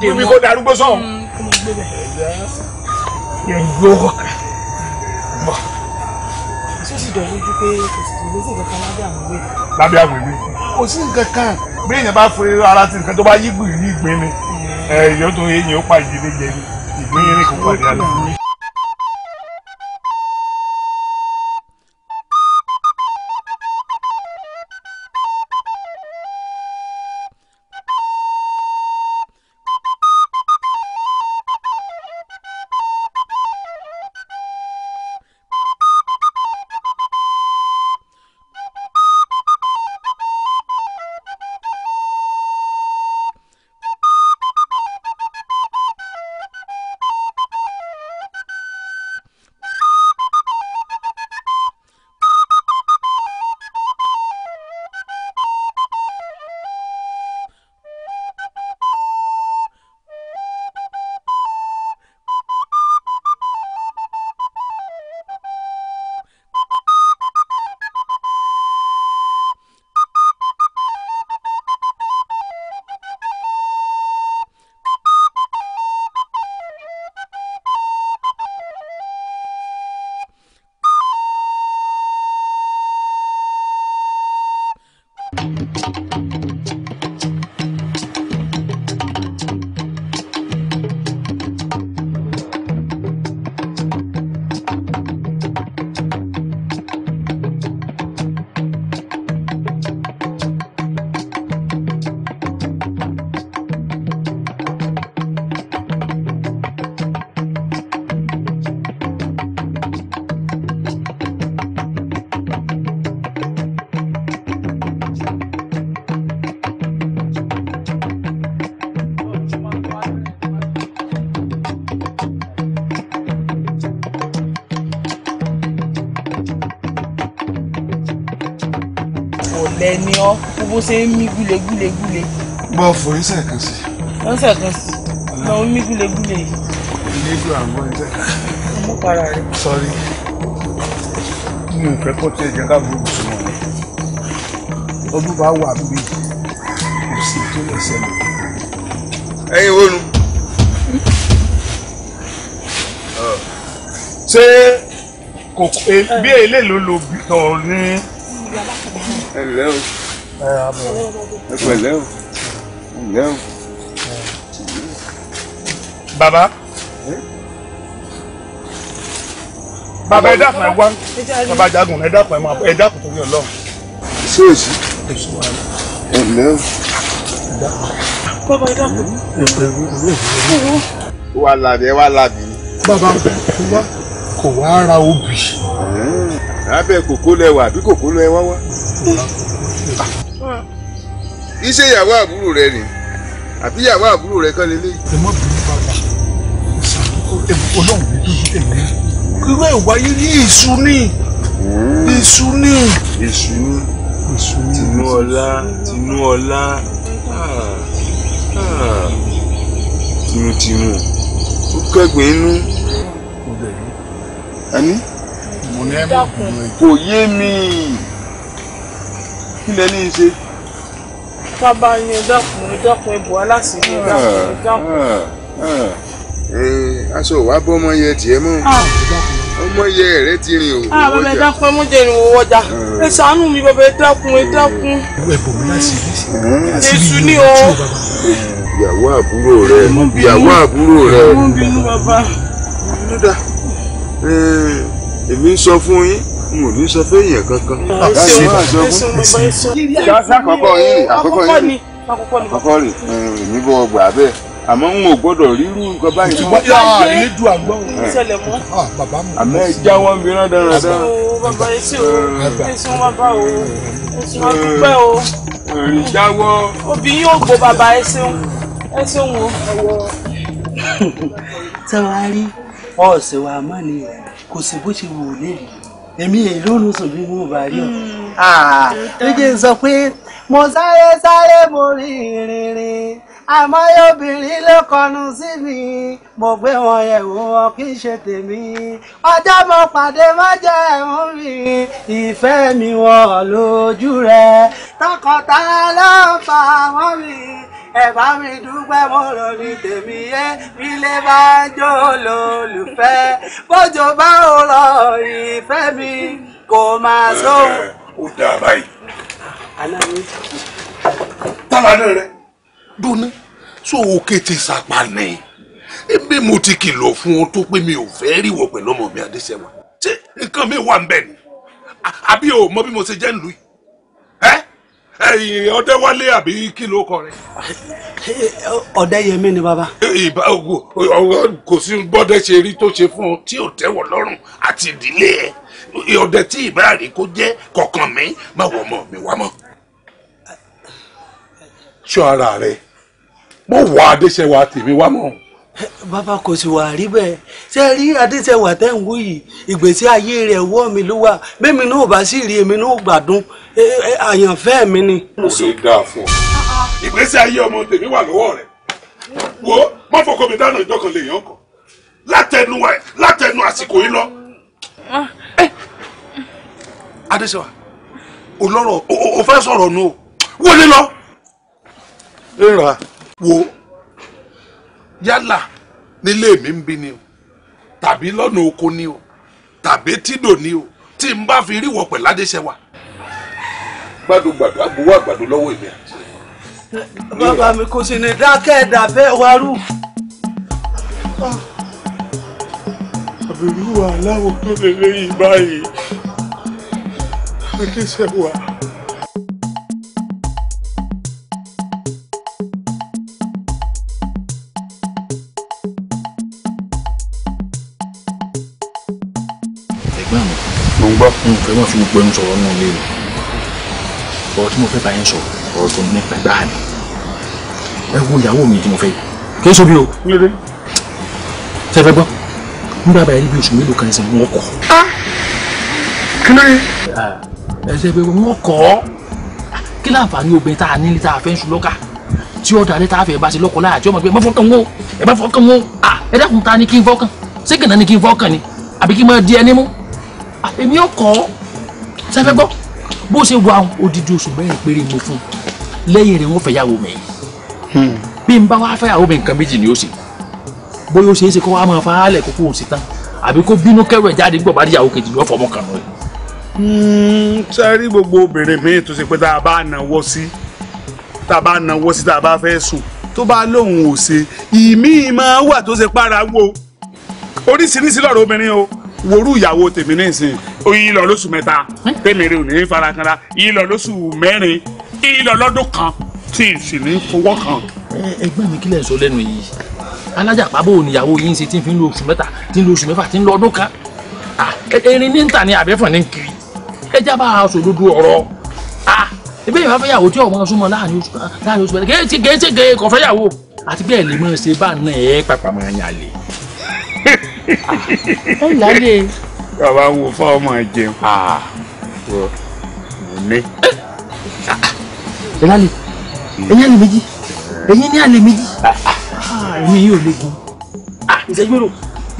dé mọ́ wíwí kó darúgbó sọ̀hún. yẹ̀yọ́ bọ̀. ṣé sì dọ̀ lójú pé kò sì lè sí nǹkan kan lábẹ́ àwọn ìwé. lábẹ́ àwọn ìwé kò sí nǹkan kan bí èèyàn bá fún ara ti nǹkan tó bá yí gbìyànjú ìgbé ni mm. ẹ̀yọ́ tó yẹ èèyàn ó pa ìdílé jẹ ni ní kò pàdé àná. thank you bó ṣe ń mí gúlegúlegúle. bọ́ fòyín sẹ́ẹ̀kan sí. wọ́n sẹ́ẹ̀kan sí lọ ń mí gúlegúle yìí. ilé ìlú àmọ́ ń tẹ̀. ọmọ para rẹ. sọrí mi ò fẹ́ kó tiẹ̀ jẹ́ ká burúkú sí wọn. ọdún bá wà bí kò sí tó lè ṣẹlẹ̀. ẹyin wo nu. ṣé kò eh, bí èlé ló lo bìtàn ní. ẹ ǹlẹ́ o. Baba ẹ pẹ̀lẹ́ o ǹlẹ́ o. bàbá bàbá ẹ dákun ẹ wá bàbá jagun ẹ dákun ẹ máa ẹ dákun torí Ọlọ́run. ṣé èsì. èsì wà ní. ǹlẹ́ o. bàbá ẹ dákun. wà lábì ẹ wà lábì. bàbá wa kò wá ra obì. lábẹ́ kòkó lẹ wà bí kòkó lẹ wá wá iṣẹ ìyàwó àbúrò rẹ ni àbí ìyàwó àbúrò rẹ kan lélẹyìí. ẹ mọ bí bàbá Ọlọ́run mi dúdú tèmi irú ẹ wáyé ní èṣù ni èṣù ni. èṣù ni tinúọlá tinúọlá tinútinú ó kẹgbìn inú. ẹni kò yé mi kí lẹ ní í ṣe bàbá ní ẹ̀dọ́kùn ẹ̀dọ́kùn ẹ̀bù aláṣìírí ẹ̀dọ́kùn ẹ̀dọ́kùn. Ah, ah, ah. aṣọ wa bọ́ ọmọ yẹ tiẹ̀ mọ́ ọmọ yẹ rẹ ti rìn òwò ọjà. bàbá ẹ̀dọ́kùn ẹ̀mú jẹ ìrìn òwò ọjà ẹ ṣàánú mi bàbá ẹ̀dọ́kùn ẹ̀dọ́kùn. ẹ̀bù mi láṣìírí èṣù hmm. ni o. ìyàwó àbúrò rẹ ìyàwó àbúrò rẹ. èmi ń sọ fún yín n ní sọ fún èèyàn kankan. ṣáṣá àkọ́kọ́ yìí àkọ́kọ́ yìí àkọ́kọ́ rè èmi bọ̀ gbà bẹ́ẹ̀ àmọ́ n ò gbọ́dọ̀ rírú nǹkan báyìí. ṣùgbọ́n yà á lè du àgbọ̀n. ìṣẹ̀lẹ̀ mọ́. Ah, àmọ́ ẹ já wọn mìíràn dáradára. bàbá yìí o èsì wọn bá o èsì wọn dúpẹ́ o. èrè jáwọ́. obì yóò gbó bàbá ẹ ṣeun ẹ ṣeun o. rí ọ̀sẹ̀ wa mọ́ kò sí bó ṣe wù ú lè èmi èrò ń sùn bí mo bá rí ọ hmm, ah, ló jẹ́ sọ pé mo sáré sáré mo rí rìnrìn àmọ́ obìnrin ló kọnu sí mi mo gbé wọn yẹ̀wò wọn kì í ṣe tèmi ọjọ́ mo pàdé mọ́jẹ́ mi ìfẹ́ mi wọ̀ lójú rẹ̀ tọkọtaya ló fà wọ́n mi ẹ bá mi dúpẹ́ mo rò ní tèmi yé bílé bá jó lólùfẹ́ bójò bá ò rọ ìfẹ́ mi kò máa sóhun. ó dáa báyìí. tálá rẹ dúná sọ òkè ti sàpà ní ebi mo ti kìlọ̀ fún ọ tó pé mi ò fẹ́ ríwọ̀ pẹ̀lú ọmọ mi adéṣẹ́wà ṣé nǹkan mi wà ń bẹ̀ ni àbí o mọ bí mo ṣe jẹ́ ń lù yìí ẹ̀yìn ọdẹwálé àbí kí ló kọ rẹ. ọdẹyẹmí ni bàbá. ìbá ọwọ kò sí bọ́dẹ ṣe rí tó ṣe fún ọ tí ò tẹ́wọ̀ lọ́rùn àti ìdílé ẹ ọdẹ tí ìbá rí kó jẹ́ kọ̀ọ̀kan mi má wọ ọmọ mi wá mọ́. ṣọ́ ara rẹ mo wọ adéṣẹ́wà tèmi wá mọ́ bàbá kò sì wà rí bẹ́ẹ̀ ṣe rí adéṣẹ́wà tẹ́ ń wú yìí ìgbésí ayé rẹ̀ wọ́ mi ló wà bẹ́ẹ̀mi náà ò bá sì rí èmi náà gbádùn àyànfẹ́ mi ni. mo ṣe dáa fún ọ ìgbésí ayé ọmọ tèmi wà lọ́wọ́ rẹ̀ wo má fọkọ mi dáná ìjọkan lè yàn kàn látẹnu àsìkò yìí lọ. Ah. Eh. adéṣẹ́wà olóró o sọ̀rọ̀ nu wọlé lọ. rírà wo yálà nílé mi ń bí ni o tàbí lọ́nà oko ni o tàbí tídò ni o tí n bá fi rí wọ̀pẹ̀ ládéṣẹ́wà. gbàdúgbàdú àbúwò àgbàdo lọ́wọ́ ìbẹ̀. bàbá mi kò sì ní dákẹ́ ẹ̀dá bẹ́ẹ̀ wá àbẹ̀rù wà láwọn olè lẹ́yìn báyìí ládéṣẹ́wà. n fẹ́ máa fi gbogbo ẹnu sọ̀rọ̀ nù lé o ọ̀rọ̀ tí mo fẹ́ bá yín sọ ọ̀rọ̀ tó ní pẹ̀lú àná ẹ wo ìyàwó mi tí mo fẹ́ kí n sọ bí o ṣe fẹ́ gbọ́ n bá bàyẹ̀ níbi oṣù mélòó kan ẹsẹ̀ wọn kọ̀. kí ló yẹ. ẹsẹ̀ bẹ̀rẹ̀ wọn kọ̀ kí láǹfààní obìnrin tá a nílé tá a fẹ́ ń sun lọ́kà tí ọ̀dà alẹ́ tá a fẹ́ bá ṣe lọ́kọ̀ láàjọ ọmọ pé ẹ èmi ò kọ́ sẹ́fẹ́ gbọ́ bó ṣe wà odidi oṣù mẹ́rin péré mo fún lẹ́yìn rẹ̀ wọ́n fẹ́ yàwó mi hmm. bí n bá wá fẹ́ yàwó mi nǹkan méjì ni ó ṣe bóyá ó ṣe é ṣe kó wá máa fàálẹ̀ kókó òsì tán àbí kó bínú kẹrù ẹ̀ jáde gbọ̀ bá ìyàwó kejì lọ́fọ̀ ọmọ kan rẹ̀. sẹ́rí hmm, gbogbo obìnrin mi tó ṣe pé tá a bá náwó sí tá a bá náwó sí tá a bá fẹ́ sùn tó bá lóun ò ṣe ìmí máa wà tó ṣe pára wo oríṣiríṣi lọ́rọ̀ obìnrin o worú ìyàwó tèmi ní ìsìn yìí lọ lóṣù mẹ́ta tèmi rè ò ní farakanra yìí lọ lóṣù mẹ́rin yìí lọ lọ́dún kan tí ì sì ní fọwọ́ kan. ẹgbẹ́ mi kílẹ̀ sọ lẹ́nu yìí alájà pàbó níyàwó yìí ń ṣe tí ń fi ń lo oṣù mẹ́ta tí ń lo oṣù mẹ́fà tí ń lọ ọdún kan erin ní ń tà ní àbẹ́fọ̀n ní kiri ẹ jábà aṣòdodo ọ̀rọ̀ ebe yìí wá fẹ́ yàwó tí ọmọ súnmọ́ láàrin oṣù láàrin oṣù mẹ́ta gẹ́gẹ́ gẹ́gẹ́ kọ̀fẹ́ yàwó àti bẹ́ẹ̀ lè mọ̀ ṣe bá náà ẹ̀ pàpà máa ẹ lálẹ́. bàbá wo fọ́ọ̀mù jẹun. wọ mo ní. ẹ lálẹ́ ẹ̀yin àlè méjì ẹ̀yin ní àlè méjì èmi yóò lè gun. ìṣẹ́jú mélòó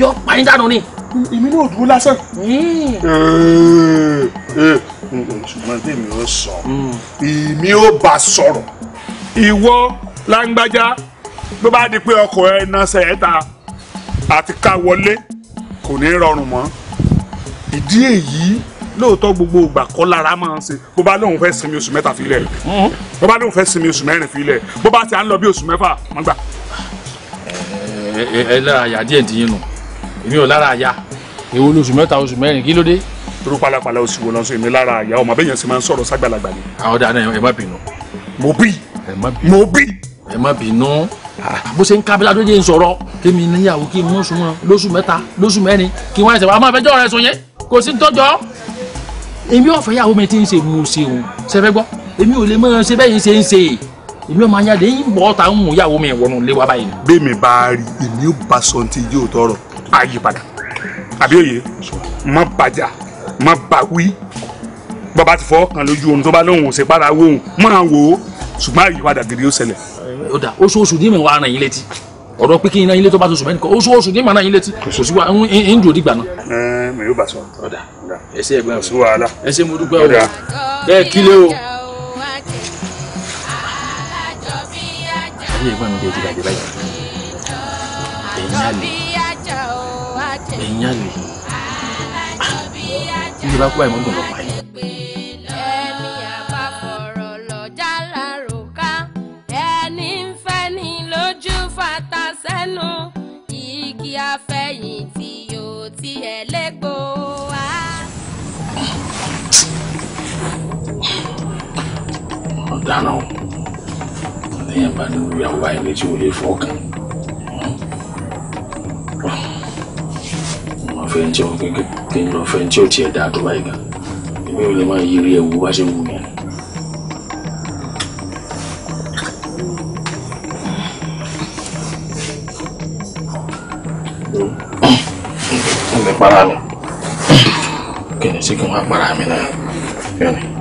yóò pa yín dànù ni. èmi náà dúró lásán. ṣùgbọ́n tèmi ò sọ hmm. èmi ò bá sọ̀rọ̀ ìwọ láńgbájá ló bá di pé ọkọ̀ ẹ̀ náà ṣe é ta àti ká wọlé kò ní rọrùn mọ́ ìdí èyí lóòótọ́ gbogbo ìgbà kọ́ lára máa ń ṣe bó bá lóun fẹ́ sinmi oṣù mẹ́ta filẹ̀ bó bá lóun fẹ́ sinmi oṣù mẹ́rin filẹ̀ bó bá ti à ń lọ bí oṣù mẹ́fà wọ́n gbà. ẹ ẹ ẹ lára àyà díẹ̀ ti yín nù èmi ò lára àyà èwo lóṣù mẹ́ta oṣù mẹ́rin kí ló dé. irú pálapàla oṣù wo lọ́sọ̀ èmi lára àyà ọmọ abẹ́yẹn sì máa ń sọ̀rọ̀ ságbàlagbà ni. àwọn dáadáa ẹ má bínú. mo bí mo bí ẹ má bínú bó ṣe ń kábílá tó jẹ́ ń sọ̀rọ̀ kémi níyàwó kí n mú súnmọ́ lóṣù mẹ́ta lóṣù mẹ́rin kí wọ́n ẹsẹ̀ wàá máa fẹjọ́ rẹ sùn yẹn kò sí tọ́jọ́. èmi ò fẹ́ yàwó mi ti ń ṣe mo ṣe òun ṣẹfẹ́ gbọ́ èmi ò lè máa ṣe bẹ́yìn ṣe ń ṣe èmi ò máa ya dé yín bọ́ ta ń mú yàwó mi wọnú ilé wa báyìí. bẹ́ẹ̀ mi bá rí èmi ò bá sọ yóò tọrọ àyípadà àbí má bàjá má bàwí bàbá ti fọ́ kan lójú oorun tó bá lóhùn ò ó dà oṣooṣù ní ìmọ̀ ara yín létí ọ̀rọ̀ pé kí iná ilé tó bá tó sùn mẹ́rin kan oṣooṣù ní ìmọ̀ ara yín létí kò sí wa ń dùn òdìgbà náà. mi ò bá sọ. ó dà ẹ ṣé ẹgbẹ́ ọ̀sùn wàhálà ẹ ṣé mo dúpẹ́ o bẹ́ẹ̀ kílé o. ayé ẹ̀gbọ́n mi dé ti bàjẹ́ báyìí ẹ̀yìn àlè ẹ̀yìn àlè ní ah, ìbá kú àìmọ́gbọ̀n lọ́pàá dáná o lẹ́yìn bá ní orí àwọn báyìí létí olè fọkàn mo fẹ́ ń jẹun kí n lọ fẹ́ ń tí ò tiẹ̀ dáa tó báyìí gan èmi ò lè máa yiri ẹ̀wù bá ṣe wù mí. mi para mi kí ni sí kí n wá para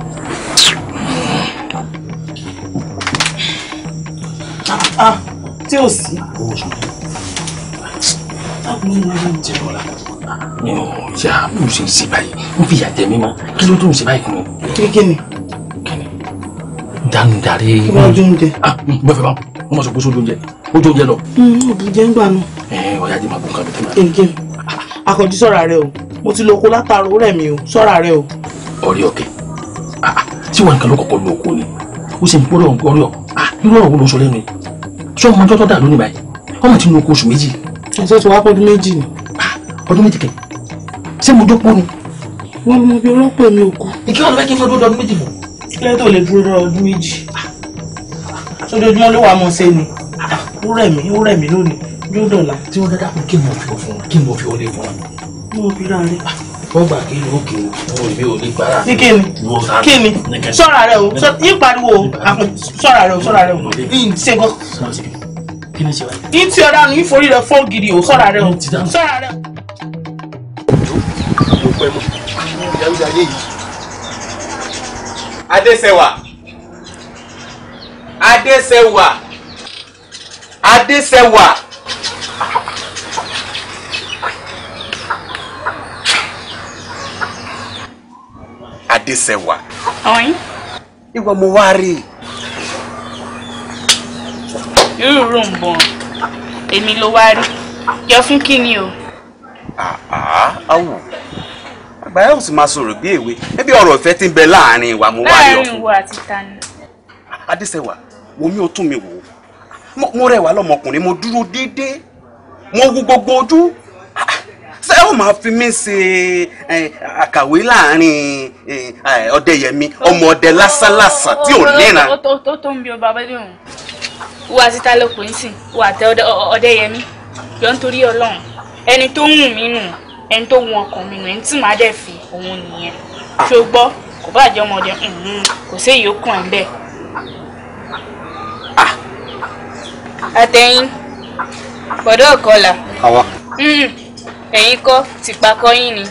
ah tí ò sí. owó oṣù mi. táwọn ọmọ mi ń jẹ lọ́la. mi ò yá bó ṣe ń ṣe báyìí ń fi ìyà jẹ mí mọ́ kí ló tó ń ṣe báyìí fún mi. kí kí ni. kí ni dánú darí. ìwà ojú oúnjẹ. ah gbọ́dọ̀ bá wọn mọ̀ sọ pé sódò oúnjẹ ojú oúnjẹ lọ. òbújẹ hmm, ń gbà nù. ẹ ọ̀yá jẹ́ máa bọ̀ nǹkan mi fún mi. kí ni akọ̀jú sọ̀rọ̀ rẹ o mo ti lóko látàrọ rẹ̀ mi o sọ̀rọ̀ rẹ o. ọ̀rẹ́ ọ̀kẹ́ ah, ah, tí wọn kan ló kọ̀kọ́ lóko ni ó sì ń gbọ́dọ̀ ọ̀rẹ́ ọ̀ irú ọ̀rọ̀ wo ló sọ lẹ́nu yìí ṣé ọmọ ọjọ́ tó dà lónìí báyìí ọmọ tí ń lo oko oṣù méjì. ẹ̀sẹ̀ tí wàá pọ̀ ọdún méjì ni. Ah, ọdún méjì kẹ ṣé mo dópò ni. wọn mú bí ọlọ́pàá mi òkú. ìkí wọn lọ fẹ́ kí n fẹ́ dúró ọdún méjì fún. kílẹ̀ tó lè dúró ọdún méjì. sójoojúmọ́ ah. ló wà mọ́ ṣe ni ah, ó rẹ̀ mí ó rẹ̀ mí lónìí yóò dọ̀la. tí wọ́n dá dàpọ̀ kí n mọ̀ fi ọ̀ fún wọn kí n mọ̀ fi ọ̀ fún wọn. mo fi ra rẹ̀ wọ́n gbà kí ló kí o mo rí òní gbára. ní kí ni kí ni sọ́ra rẹ o yín pariwo o ah, sọ́ra rẹ o sọ́ra rẹ o yín ṣe nǹkan. yín tí ọ̀dà ni yín forí rẹ fọ́ gidi o sọ́ra rẹ o sọ́ra rẹ. Adéṣẹwà Adéṣẹwà Adéṣẹwà. Adéṣẹwà. ọ̀yin. ìwọ mo wá rí i. irú rò ń bọ̀ èmi ló wá rí yọ fún kíni o. awù àgbà yóò sì máa sọ̀rọ̀ bí èwe níbi ọ̀rọ̀ ìfẹ́ tí ń bẹ láàrin ìwà mo wá rí ọ fún. láàrin ìwọ àti tani. Adéṣẹwà wo mi ò tún mi wò ó mo rẹwà lọmọkùnrin mo dúró déédéé mo wu gbogbo ojú ṣé ó máa fi mí ṣe àkàwé láàrin ọdẹyẹmí ọmọ ọdẹ lásánlásán tí ò níran. ó tó ń bí ọba abẹ́lé òun wo àti ta ló pè é sìn wo àtẹ ọdẹyẹmí yọ nítorí ọlọ́run ẹni tó ń wù mí nù ẹni tó wù ọkàn mi nù ẹni tí màá dẹ̀ fi òun nìyẹn ah. ṣó gbọ́ kò bá jẹ́ ọmọdé mm-hmm. kò sí ìyókù ẹ̀ ń bẹ̀. Ah. àtẹ̀yìn bọ̀dọ̀ ọ̀kọ́là. àwa. Mm-hmm ẹ̀yin kọ́ tìpa kọ́yìn ni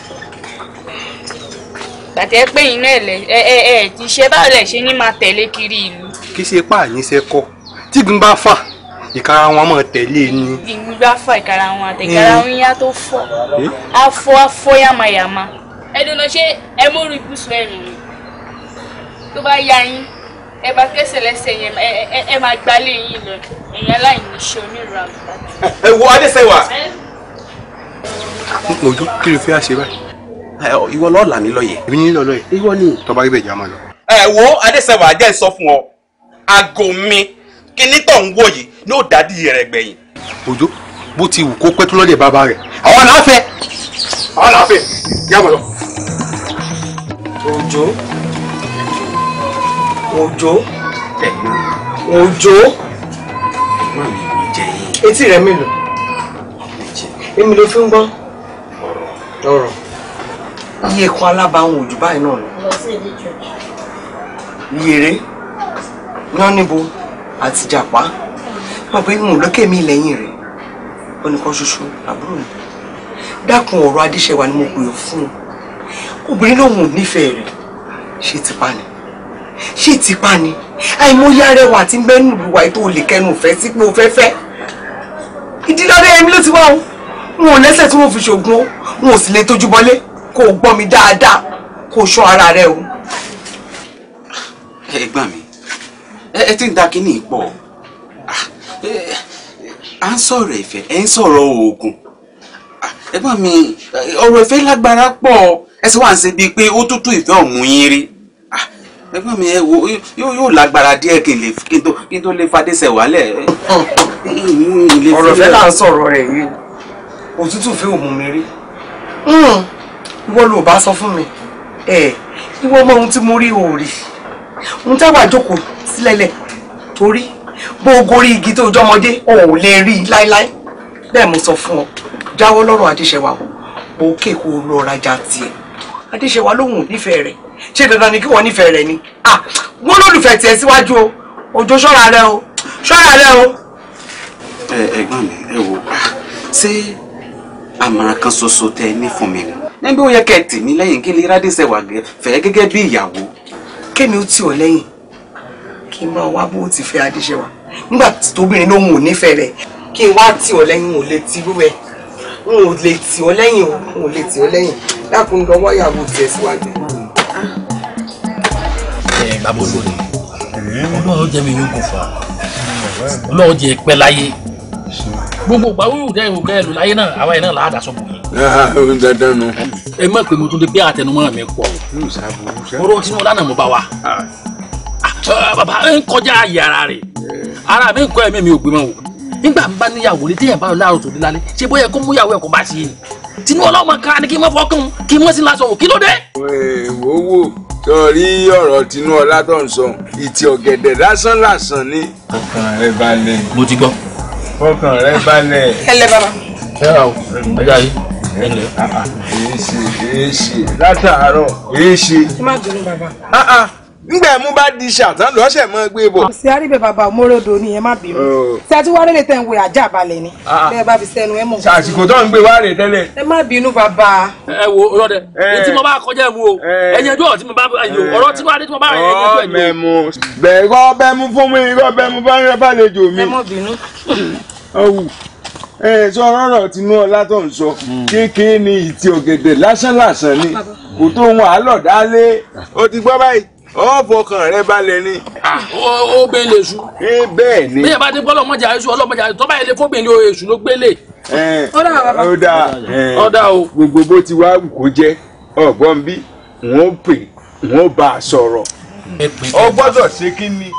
gbàtẹ́ pé iná ẹ̀ ẹ ẹ ẹ iṣẹ́ báwo lẹ̀ ṣe ní máa tẹ̀lé kiri ìlú. kí ṣe pààyàn ṣe kọ tígun bá fà ìkara wọn máa tẹ̀lé e ni. tígun bá fà ìkara wọn àti e. ìkara hmm. wọn yá tó fọ afọ afọ yàmàyàmà ẹdùnà ṣe ẹ mórí ibùsùn ẹ̀rù ni tó bá yá yín ẹ bá kẹsẹ̀ lẹ́sẹ̀ yẹn ẹ máa gbalẹ̀ yín lọ ẹ̀yìn aláìníṣẹ́ onírúurú àgbà. ẹ wo adéṣẹ́wà ojú kí ló fi àṣẹ báyìí. ìwọ lọ́ọ́ là mí lọ́yẹ̀. èmi ní lọ́lọ́yẹ̀. ìwọ ni. tọ́ba ibẹ̀ jẹ́ àmọ́ lọ. ẹ wo adéṣẹ́wà ajẹ́ sọ fún ọ aago mi kíní tó ń wò yìí ní ó dádì rẹ̀ gbẹ̀yìn. òjò bó ti wù kó pẹ́ tó lọ́dẹ̀ bàbá rẹ̀ àwọn náà fẹ́ àwọn náà fẹ́ yàgò lọ. òjò òjò òjò etí rẹ̀ mélòó èmi ló fi ń gbọ́ ọ̀rọ̀ iye kan alábàáhùn òjò báyìí náà ni yèrè yánníbo àti jàpá wọn pé mò ń lókè mí lẹ́yìn rẹ̀ ó nìkan ṣoṣo àbúrò mi dákun ọ̀rọ̀ adéṣẹ́wà ni mo pè é fún un obìnrin lòun ò nífẹ̀ẹ́ rẹ̀ ṣé tipa ni ṣé tipa ni àìmọye arẹwà àti mẹ́nu ìlú wa ètò olè kẹnu ìfẹ́ sí pé o fẹ́ fẹ́ ìdílọ́dẹ ló ti wá o wọn ò lẹ́sẹ̀ tí wọ́n fi ṣògùn ó wọn ò sì lè tójú bọlé kó o gbọ́ mi dáadáa kó o ṣọ́ ara rẹ o. ẹ̀gbọ́n mi ẹ ti ń da kínní pọ̀ ah, à ń sọ̀rọ̀ ìfẹ́ ẹ ń sọ̀rọ̀ oògùn ah, ẹ̀gbọ́n mi ọ̀rọ̀ ìfẹ́ lágbára pọ̀ ẹ sì wá ń ṣe bíi pé ó tútù ìfẹ́ ọ̀mù yín rí ah, ẹ̀gbọ́n mi ẹ wo yóò lágbára díẹ̀ kí n tó lè fadé sẹ̀wálẹ̀. ọ̀rọ̀ ìfẹ́ là ń sọ̀rọ̀ rẹ̀ yìí òtútù fẹ́ òmù mi rí hmm. ìwọ ló bá sọ fún mi ẹ ìwọ mọ ohun tí mo rí òòrì ohun táwa jókòó sílẹ̀lẹ̀ torí bó o gorí igi tó jọmọdé o ò lè rí i láéláé bẹ́ẹ̀ mo sọ fún ọ jáwọ́ lọ́rọ̀ adéṣẹ́wà o òkè kó o lọ rajà tiẹ̀ adéṣẹ́wà lóhùn nífẹ̀ẹ́ rẹ̀ ṣé dandan ni kí wọ́n nífẹ̀ẹ́ rẹ̀ ni wọ́n lólùfẹ́ tiẹ̀ síwájú o òjò ṣọ́ra rẹ o ṣọ́ra rẹ o. ẹ ẹ̀gbọ́n mi ẹ wo ṣé àmọ̀ràn kan ṣoṣo tẹ ní fún mi nù níbi ó yẹ kẹ́ ẹ tì mí lẹ́yìn kí lè rádìsẹ wà fẹ́ gẹ́gẹ́ bí ìyàwó. kémi ó tì ọ́ lẹ́yìn kí n máa wá bó o ti fẹ́ adéṣẹwà nígbà tóbìnrin ló ń wò nífẹ̀ẹ́ rẹ̀ kí n wá tì ọ́ lẹ́yìn ò lè ti irú n ò lè tì ọ́ lẹ́yìn n ò lè tì ọ́ lẹ́yìn dákun lọ ìyàwó tiẹ̀ síwájú. ẹ bàbá olórí ọlọ́run jẹ́ mi yóò gùn fà ọlọ́run jẹ́ pẹ́ láyé gbogbo ìgbà wíwù dẹ́ ìwò kẹ́ẹ̀lú láyé náà àwa yìí náà là á dà sọ́kùn yìí. ohun dandan nu. ẹ má pè mo tún dé bí àtẹnumọ́ mi pọ̀ o ọ̀rọ̀ tí mo lánàá mo bá wa ah, bàbá ń kọjá yàrá rẹ̀ ara mi ń kọ́ ẹ̀mí mi ò gbé mọ́ o nígbà ń bá níyàwó ní téèyàn bá láàrọ̀ tó dé lálẹ́ ṣé bóyá kó múyàwó ẹ̀ kó bá ṣe é tinú ọlọ́mọ ká ni kí n mọ́ fọkàn kí n mọ́ sí lásọ o kí ló dé. wò ó wò sọrí ọ̀rọ̀ tinú ọlá tó ń sọ ìtì ọ̀gẹ̀dẹ̀ lásán lásán ni. ọkàn ẹ balẹ̀. mo ti gbọ́ fọkàn rẹ balẹ̀. kẹlẹ bàbá. ẹ ọ ẹ jà yìí èyí ṣe èyí ṣe látàárọ̀ èyí ṣe. ẹ má dùnú bàbá. Ah, ah ngbẹ mú bá di ṣàtàn lọ́sẹ̀ mọ́ gbé bọ̀. ṣé àríbẹ̀ bàbá mọ́rọ́dọ̀ ni ẹ má bínú ṣé oh. àti wàá rèlè tẹ̀ ń wẹ ajá balẹ̀ ni ah, ah. bẹ́ẹ̀ bá fi sẹ́nu ẹ mọ̀. àsìkò tó ń gbé wàá rè tẹ́lẹ̀. ẹ má bínú bàbá. ẹ wo ọlọdẹ eh. èyí tí mo bá kọjá ẹ mú o ẹyẹ eh. ẹjọ tí mo bá yọ eh. ọ̀rọ̀ tí wàá dé tí mo bá rẹ ẹyẹ ẹjọ ẹjọ. bẹ̀rọ bẹ́mu fún mi irọ́ bẹ́mu bá ń rẹ́ bàlejò mi. ẹ má bínú. ọwù ẹ sọ ọ̀rọ̀ tinú ọlá tó ń sọ hmm. kéèké ni ìtì ọ̀gẹ̀dẹ̀ lásán lásán ni kò tó ohun àálọ̀ dálé ah. ó ti gbọ́ báyìí ọ fọkàn rẹ balẹ̀ ni. ó gbé lè su. bẹ́ẹ̀ ni. bí ẹ bá ti gbọ́ ọlọ́mọdé àyẹ̀sù ọlọ́mọdé àyẹ̀sù tọ́ba yẹn lè fóbìnrin o èṣù ló gbélé. ọ̀dà ọ̀dà o. gbogbo bó ti wá kó jẹ́ ọ̀gbọ́n bí wọ́n pè wọ́n bá a sọ̀rọ̀ ọ ṣe kí ni.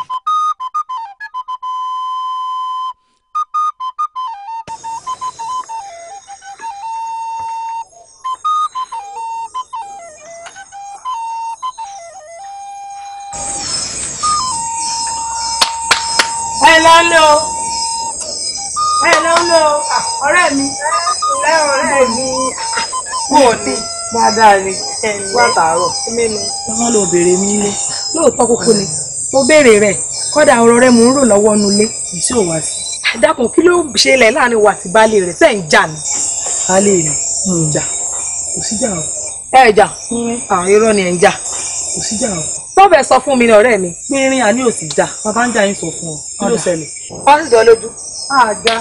ọ̀rẹ́ mi ẹ ọ̀rẹ́ mi wò ni dáadáa ni wà tààrọ̀ mímu. wọn lọ bèrè mi nílé lóòótọ́ kókó ni mo béèrè rẹ̀ kódà ọ̀rọ̀ rẹ̀ mò ń rò lọ́wọ́ nulẹ̀ tí ò wá sí. dákun kí ló ṣẹlẹ̀ láàrin wa àti baálé rẹ̀ sẹ́yìn jà ni. baálé mi mo ń jà kò sí jà o. ẹ jà àwọn ah, irọ́ ni ẹ̀ ń jà. kò sí jà o. tó bẹ̀ sọ fún mi ní ọ̀rẹ́ mi. pínrín àní ò sì jà bàbá ń jà yín sọ fún ọ kí ló ṣẹlẹ̀. wọ́n sì jọ lójú. àjà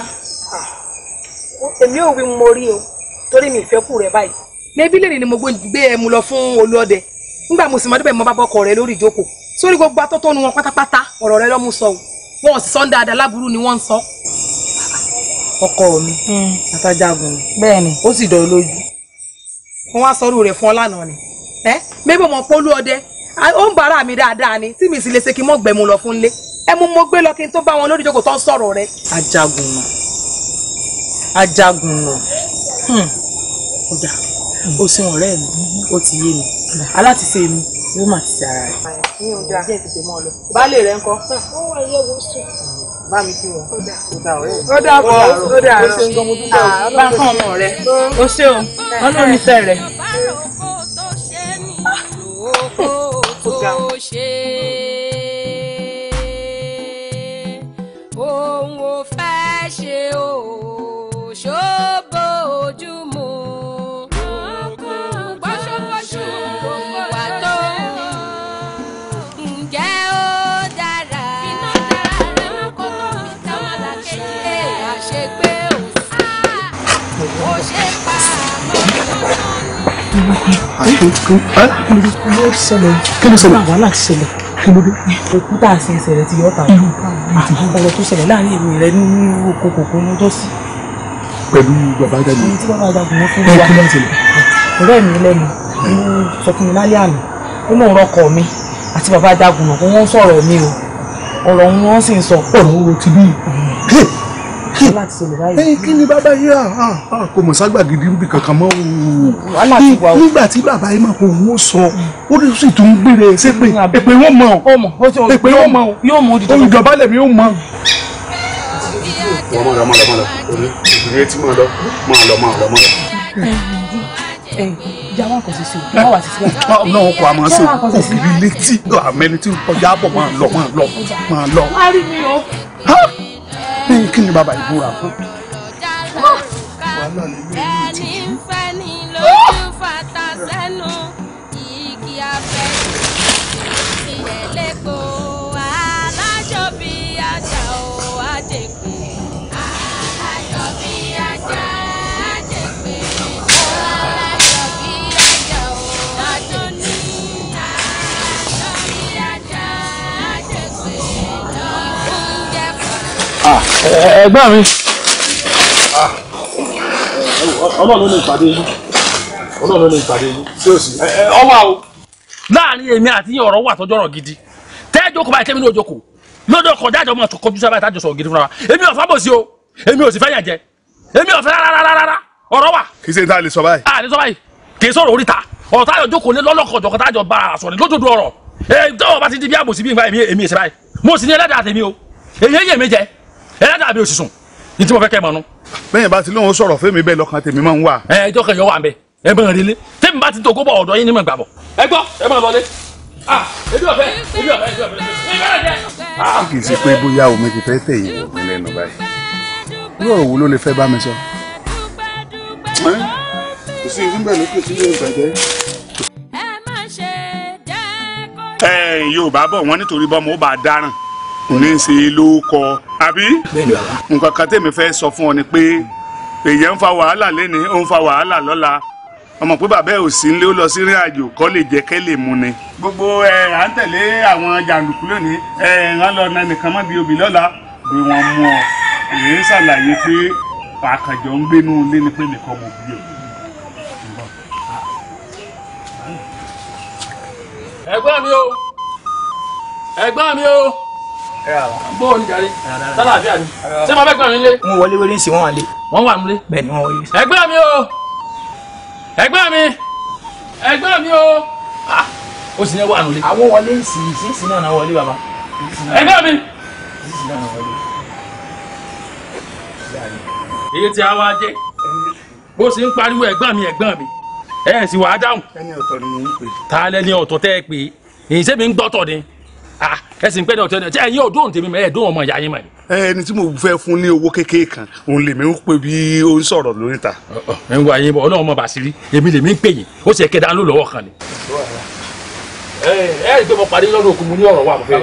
èmi ò wí mo rí o torí mi ìfẹ́ kù rẹ báyìí. mẹ́bí lè ní mo gbé ẹ mu lọ fún olóde nígbà mo sì mọ́ débẹ̀ mo bá bọ́kọ rẹ lórí ìjókòó sórí gbogbo atọ́tọ́ nu wọn pátápátá ọ̀rọ̀ rẹ lọ́mú sọ o wọn ò sì sọ ń dáadáa láburú ni wọ́n ń sọ. ọkọ mi hmm. atajagun mi bẹ́ẹ̀ni ó sì dọ̀ lójú. wọn wá sọrú rẹ fún ọ lánàá ni ẹ mẹ́bí ọmọ pọ́lú ọdẹ ó ń bára mi dáadáa ni tí mi sì lè ṣe kí n mọ̀ gbẹ̀mú lọ fún ilé ẹ mú mo gbé lọ kí n tó bá wọn lórí ìjókòó tó ń sọ̀rọ̀ rẹ. ajagun náà ajagunà hmm. ó dà ó sún ọ̀rẹ́ mi ó ti yé mi alátiṣe mi ló mà ti ṣe ara rẹ̀. mi ò dáa jẹ́ ìtìtẹ̀ mọ́ ọ lọ baálé rẹ̀ ń kọ́. ó wà yẹ wo sùn. bá mi kí wọn. ó dà ọ̀rẹ́ mi. ó dà ah, bá ń kàn rẹ ó ṣe wọn ló ní sẹ ah. ohun ò fẹ́ ṣe o. kí ló ṣẹlẹ̀ wàhálà ti ṣẹlẹ̀ kí ló dé. òkúta àti ẹsẹ̀ rẹ̀ ti yọ ọ̀tà ọ̀rọ̀ tó ṣẹlẹ̀ láàrin èmi rẹ̀ ní oko kòkó lọ́jọ́ sí. pẹ̀lú bàbá àjàgùn. èyí tí bàbá àjàgùn wọn fún mi wá ọ̀rẹ́ mi lẹ́nu sọ fún mi láyé àná ó lóun rọkọ̀ mi àti bàbá àjàgùn náà wọ́n sọ̀rọ̀ mi o ọ̀rọ̀ wọn sì ń sọ. ọ̀rọ̀ láti ṣẹlẹ̀ báyìí. kí ni bàbá yìí à ah, ah, ah, kò mọ̀ ságbàgidi níbi kankan mọ́ o nígbà tí bàbá yìí máa kó owó sọ ó sì tún gbére ṣé pé mm, èpè wọn mọ o èpè wọn mọ o olùjọba lèmi yóò mọ. wọ́n máa lọ máa lọ máa lọ òní ìdílé tí máa lọ máa lọ máa lọ máa lọ. Jáwá kan ṣoṣo, jáwá wà ṣoṣo. Ọ̀nà ọkọ̀ àmọ́ sí òkìrì létí àmẹ́ni tí ó kọjá bọ̀ máa lọ máa lọ máa lọ. Wá rí mi o lẹ́yìn kí ni bàbá ìbúra fún. ẹni fẹ́ ni lójú fata sẹ́nu. ẹ̀gbọ́n mi ọlọ́run ní ìpàdé yìí ọlọ́run ní ìpàdé yìí sí òsì ọmọ àwọn. láàrin èmi àti yín ọ̀rọ̀ wà tọ́jọ́ ọ̀rọ̀ gidi tẹ́jọ́ kò báyìí tẹ́mi ní òjòkó lọ́dọ̀ kọjá àjọ máa kọjú sábà tájọ sọ̀rọ̀ gidi fúnra wa èmi ò fábòsí o èmi ò sì fẹ́ yàjẹ́ èmi ò fẹ́ rárá ọ̀rọ̀ wà. kì í ṣe ní tá a lè sọ báyìí. a lè sọ báyìí kì í sọ̀rọ̀ oríta ọ̀tá àjọ jókòó lé lọ́lọ́kọ̀jọ̀kọ̀ tájọ bá a sọ̀rọ̀ lójoojú ọ̀rọ̀ ẹ̀ tọ́wọ́ bá ti di bí àbòsí bí nǹkan èmi èmi èsì báyìí mo sì ní ẹlẹ́dàá tèmi o èyí yé mi jẹ́ ẹ dàbí òṣìṣùn ní tí mo fẹ́ kẹ́ mọ̀ nu. bẹ́ẹ̀ bá ti lóun sọ̀rọ̀ fẹ́mi bẹ́ẹ̀ lọ́kàn tèmi máa ń wà. ẹ ìjọ kan yọ wà bẹ ẹ bẹ́ẹ̀ rí lé tèmi bá ti tó kóbọ̀ ọ̀dọ́ yín ní mọ̀ gbà ẹ gbọ́ ẹ máa lé. ebi ọ̀fẹ́ ebi ọ̀fẹ́ ebi ọ̀fẹ́. kì í ṣe pé bóyá omi ti fẹ́ tẹ̀ yìí lẹ́nu báyìí ọ̀rọ̀ wo ló lè fẹ́ bá mi sọ. kò yóò bàjẹ́. bọ̀ wọ́n nítorí bọ́mọ ó bá dáràn ní í ṣe ló kọ àbí. bẹ́ẹ̀ni bàbá. nǹkan kan tèmi fẹ́ sọ fún ọ ni pé èèyàn ń fa wàhálà lẹ́ni ó ń fa wàhálà lọ́la ọmọ pé bàbá ẹ ò sí nílé ó lọ sí ìrìn àjò kọ́ lè jẹ́ kẹ́ lè ni. gbogbo ẹ à ń tẹ̀lé àwọn jàǹdùkú lónìí ẹ ràn lọ na nìkan mọ́ bí obì lọ́la bí wọ́n mú ọ èyí ń ṣàlàyé pé àkànjọ ń gbénú ilé ni pé nìkan mọ̀ bí òbí. ẹ̀gbọ́n mi o ẹ̀gbọ́n mi o bóò ní jàre sálàáfíà ni ṣé máa fẹ́ gbà mí lé. wọn wọlé wọlé ń sè wọn wà lé. wọn wà nílé. bẹ́ẹ̀ ni wọn wọlé. o ẹgbẹ́ mi ẹgbẹ́ mi o ah, ó sì ní wà nílé. àwọn wọlé ń sì sí sí náà wọlé bàbá. ẹgbẹ́ mi. èyí tí a wá jẹ bó ṣe ń pariwo ẹ̀gbọ́n mi ẹ̀gbọ́n mi ẹ̀ sì wàá dáhùn. ẹni ọ̀tọ̀ ni mo ń pè. ta lẹni ọ̀tọ̀ tẹ́ ẹ pé èyí sẹ́mi ń gbọ́tọ̀ ni. Ah, ẹsìn pẹ́ dọ̀tẹ́ ẹ̀ ẹ̀yin ò dóhùn tèmi mọ́ ẹ̀ dóhùn ọmọ ìyá yín mọ́ ni. ẹni tí mo fẹ́ fún ní owó kékeré kan òun lèmi ń pè bí ó ń sọ̀rọ̀ lórí ta. ẹ ń wo àyè bọ̀ ọlọ́run mọ̀ bá sí rí èmi lèmi ń pè yín ó sì kẹ́dá ló lọ́wọ́ kan ni. ẹ ẹ gbé mo parí lọ́dún òkú mu ní ọ̀rọ̀ wa mo fẹ́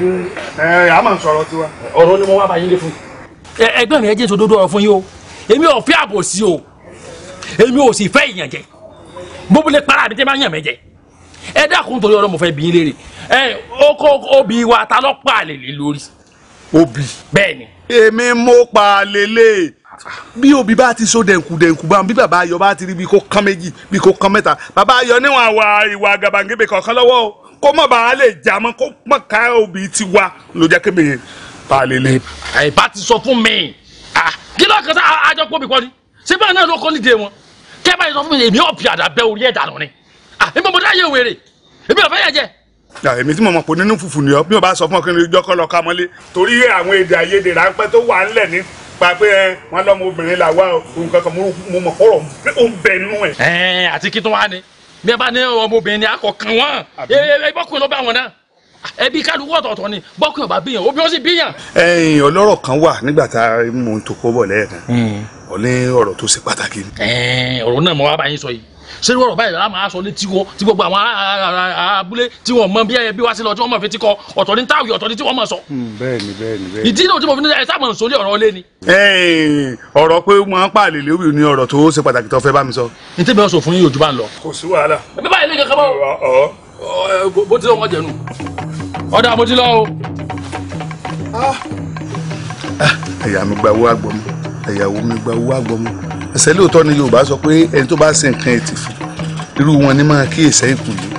yín. ẹ a máa sọ̀rọ̀ tiwa. ọ̀rọ̀ ni mo wá bá yín lé fún yín. ẹgbẹ́ mi ẹ jẹ́ sódódó fún yín o èmi ò fẹ́ àbòsí o èmi ò sì fẹ́ ìyànjẹ para àbí tẹ́ bá yàn ẹ dákun torí ọlọ́mọ fẹ́ bí léèrè ẹ oko obì wa ta ló pa àlèlè lórí. obì. bẹ́ẹ̀ ni. èmi mo pa àlèlè bí obì bá ti so dẹ̀nkù dẹ̀nkù bá bí bàbá ayọ̀ bá ti rí bí kò kán méjì bí kò kán mẹ́ta bàbá ayọ̀ níwọ̀n àwa ìwà gàbàǹgẹ̀bẹ̀ kọ̀ọ̀kan lọ́wọ́ o kó mọ̀ bá a lè jà mọ́ kó mọ̀ ká obì ti wa ló jẹ́ kébè yẹn pa àlèlè. àìbá ti sọ fún mi kí ló kàn sá àjọpọ̀ mi kọ́ ni síbẹ̀ náà ló kọ́ nídìí wọn kẹ́ bá yẹ sọ fún mi èmi ò fi àdá bẹ́ orí ẹ̀ dànù níbo ah, mo dáyé wèrè èmi ò fẹ́ yà jẹ. èmi tí mo mọ̀ pé nínú fùfù ni ọ bí mo bá sọ fún ọkùnrin ìjọ kan lọ ká mọ́lé. torí àwọn èdè àìyedè ráńpẹ́ tó wà ńlẹ̀ ní pàpẹ́ ẹ wọn lọ́mọ obìnrin là wá nǹkan kan mo mọ̀ kọ́rọ̀ ó ń bẹ nú ẹ̀. ẹ àti kí tó wá ni bí ẹ bá ní ọmọbìnrin ni akọkàn wọn ẹ bọ́kùnrin ló bá wọn náà ẹbí kálukú ọ̀tọ̀ọ̀tọ̀ ni bọ́kùnrin ọba bíyàn obìnrin ó sì bíyàn. ẹyin ọlọ́rọ̀ kan wà nígbà tá a mú un tó kó bọ̀ lẹ́ẹ̀kan ọ hmm. ní ọ̀rọ̀ tó ṣe pàtàkì. ọ̀rọ̀ náà mo wá bá yín sọ yìí ṣé irú ọ̀rọ̀ báyìí láwọn aṣọ létí wọn tí gbogbo àwọn abúlé tí wọ́n mọ bí ẹbí wá sí lọ tí wọ́n mọ̀ fi ti kọ ọ̀tọ̀ ní táwì ọ̀tọ̀ ní tí wọ́n mọ̀ sọ. Hmm, bẹ́ẹ̀ni bẹ́ẹ̀ni bẹ́ẹ̀ni. ìdí náà tí mo fi ní ẹ sábà ń sọlé ọ̀rọ̀ lé ni. ọ̀rọ̀ pé mo ń pààlè lórí ni ọ̀rọ̀ tó ṣe pàtàkì tó fẹ́ bá mi sọ. ní tèmi ọ̀sọ̀ fún yín ojú bá ń lọ. kò sí wàhálà. ẹbí báyìí ní ẹsẹ̀ lóòótọ́ ni Yorùbá sọ pé ẹni tó bá ṣe nǹkan ẹ̀ tì fún irú wọn ni máa kíyèsí ẹ̀yìn kùn yìí.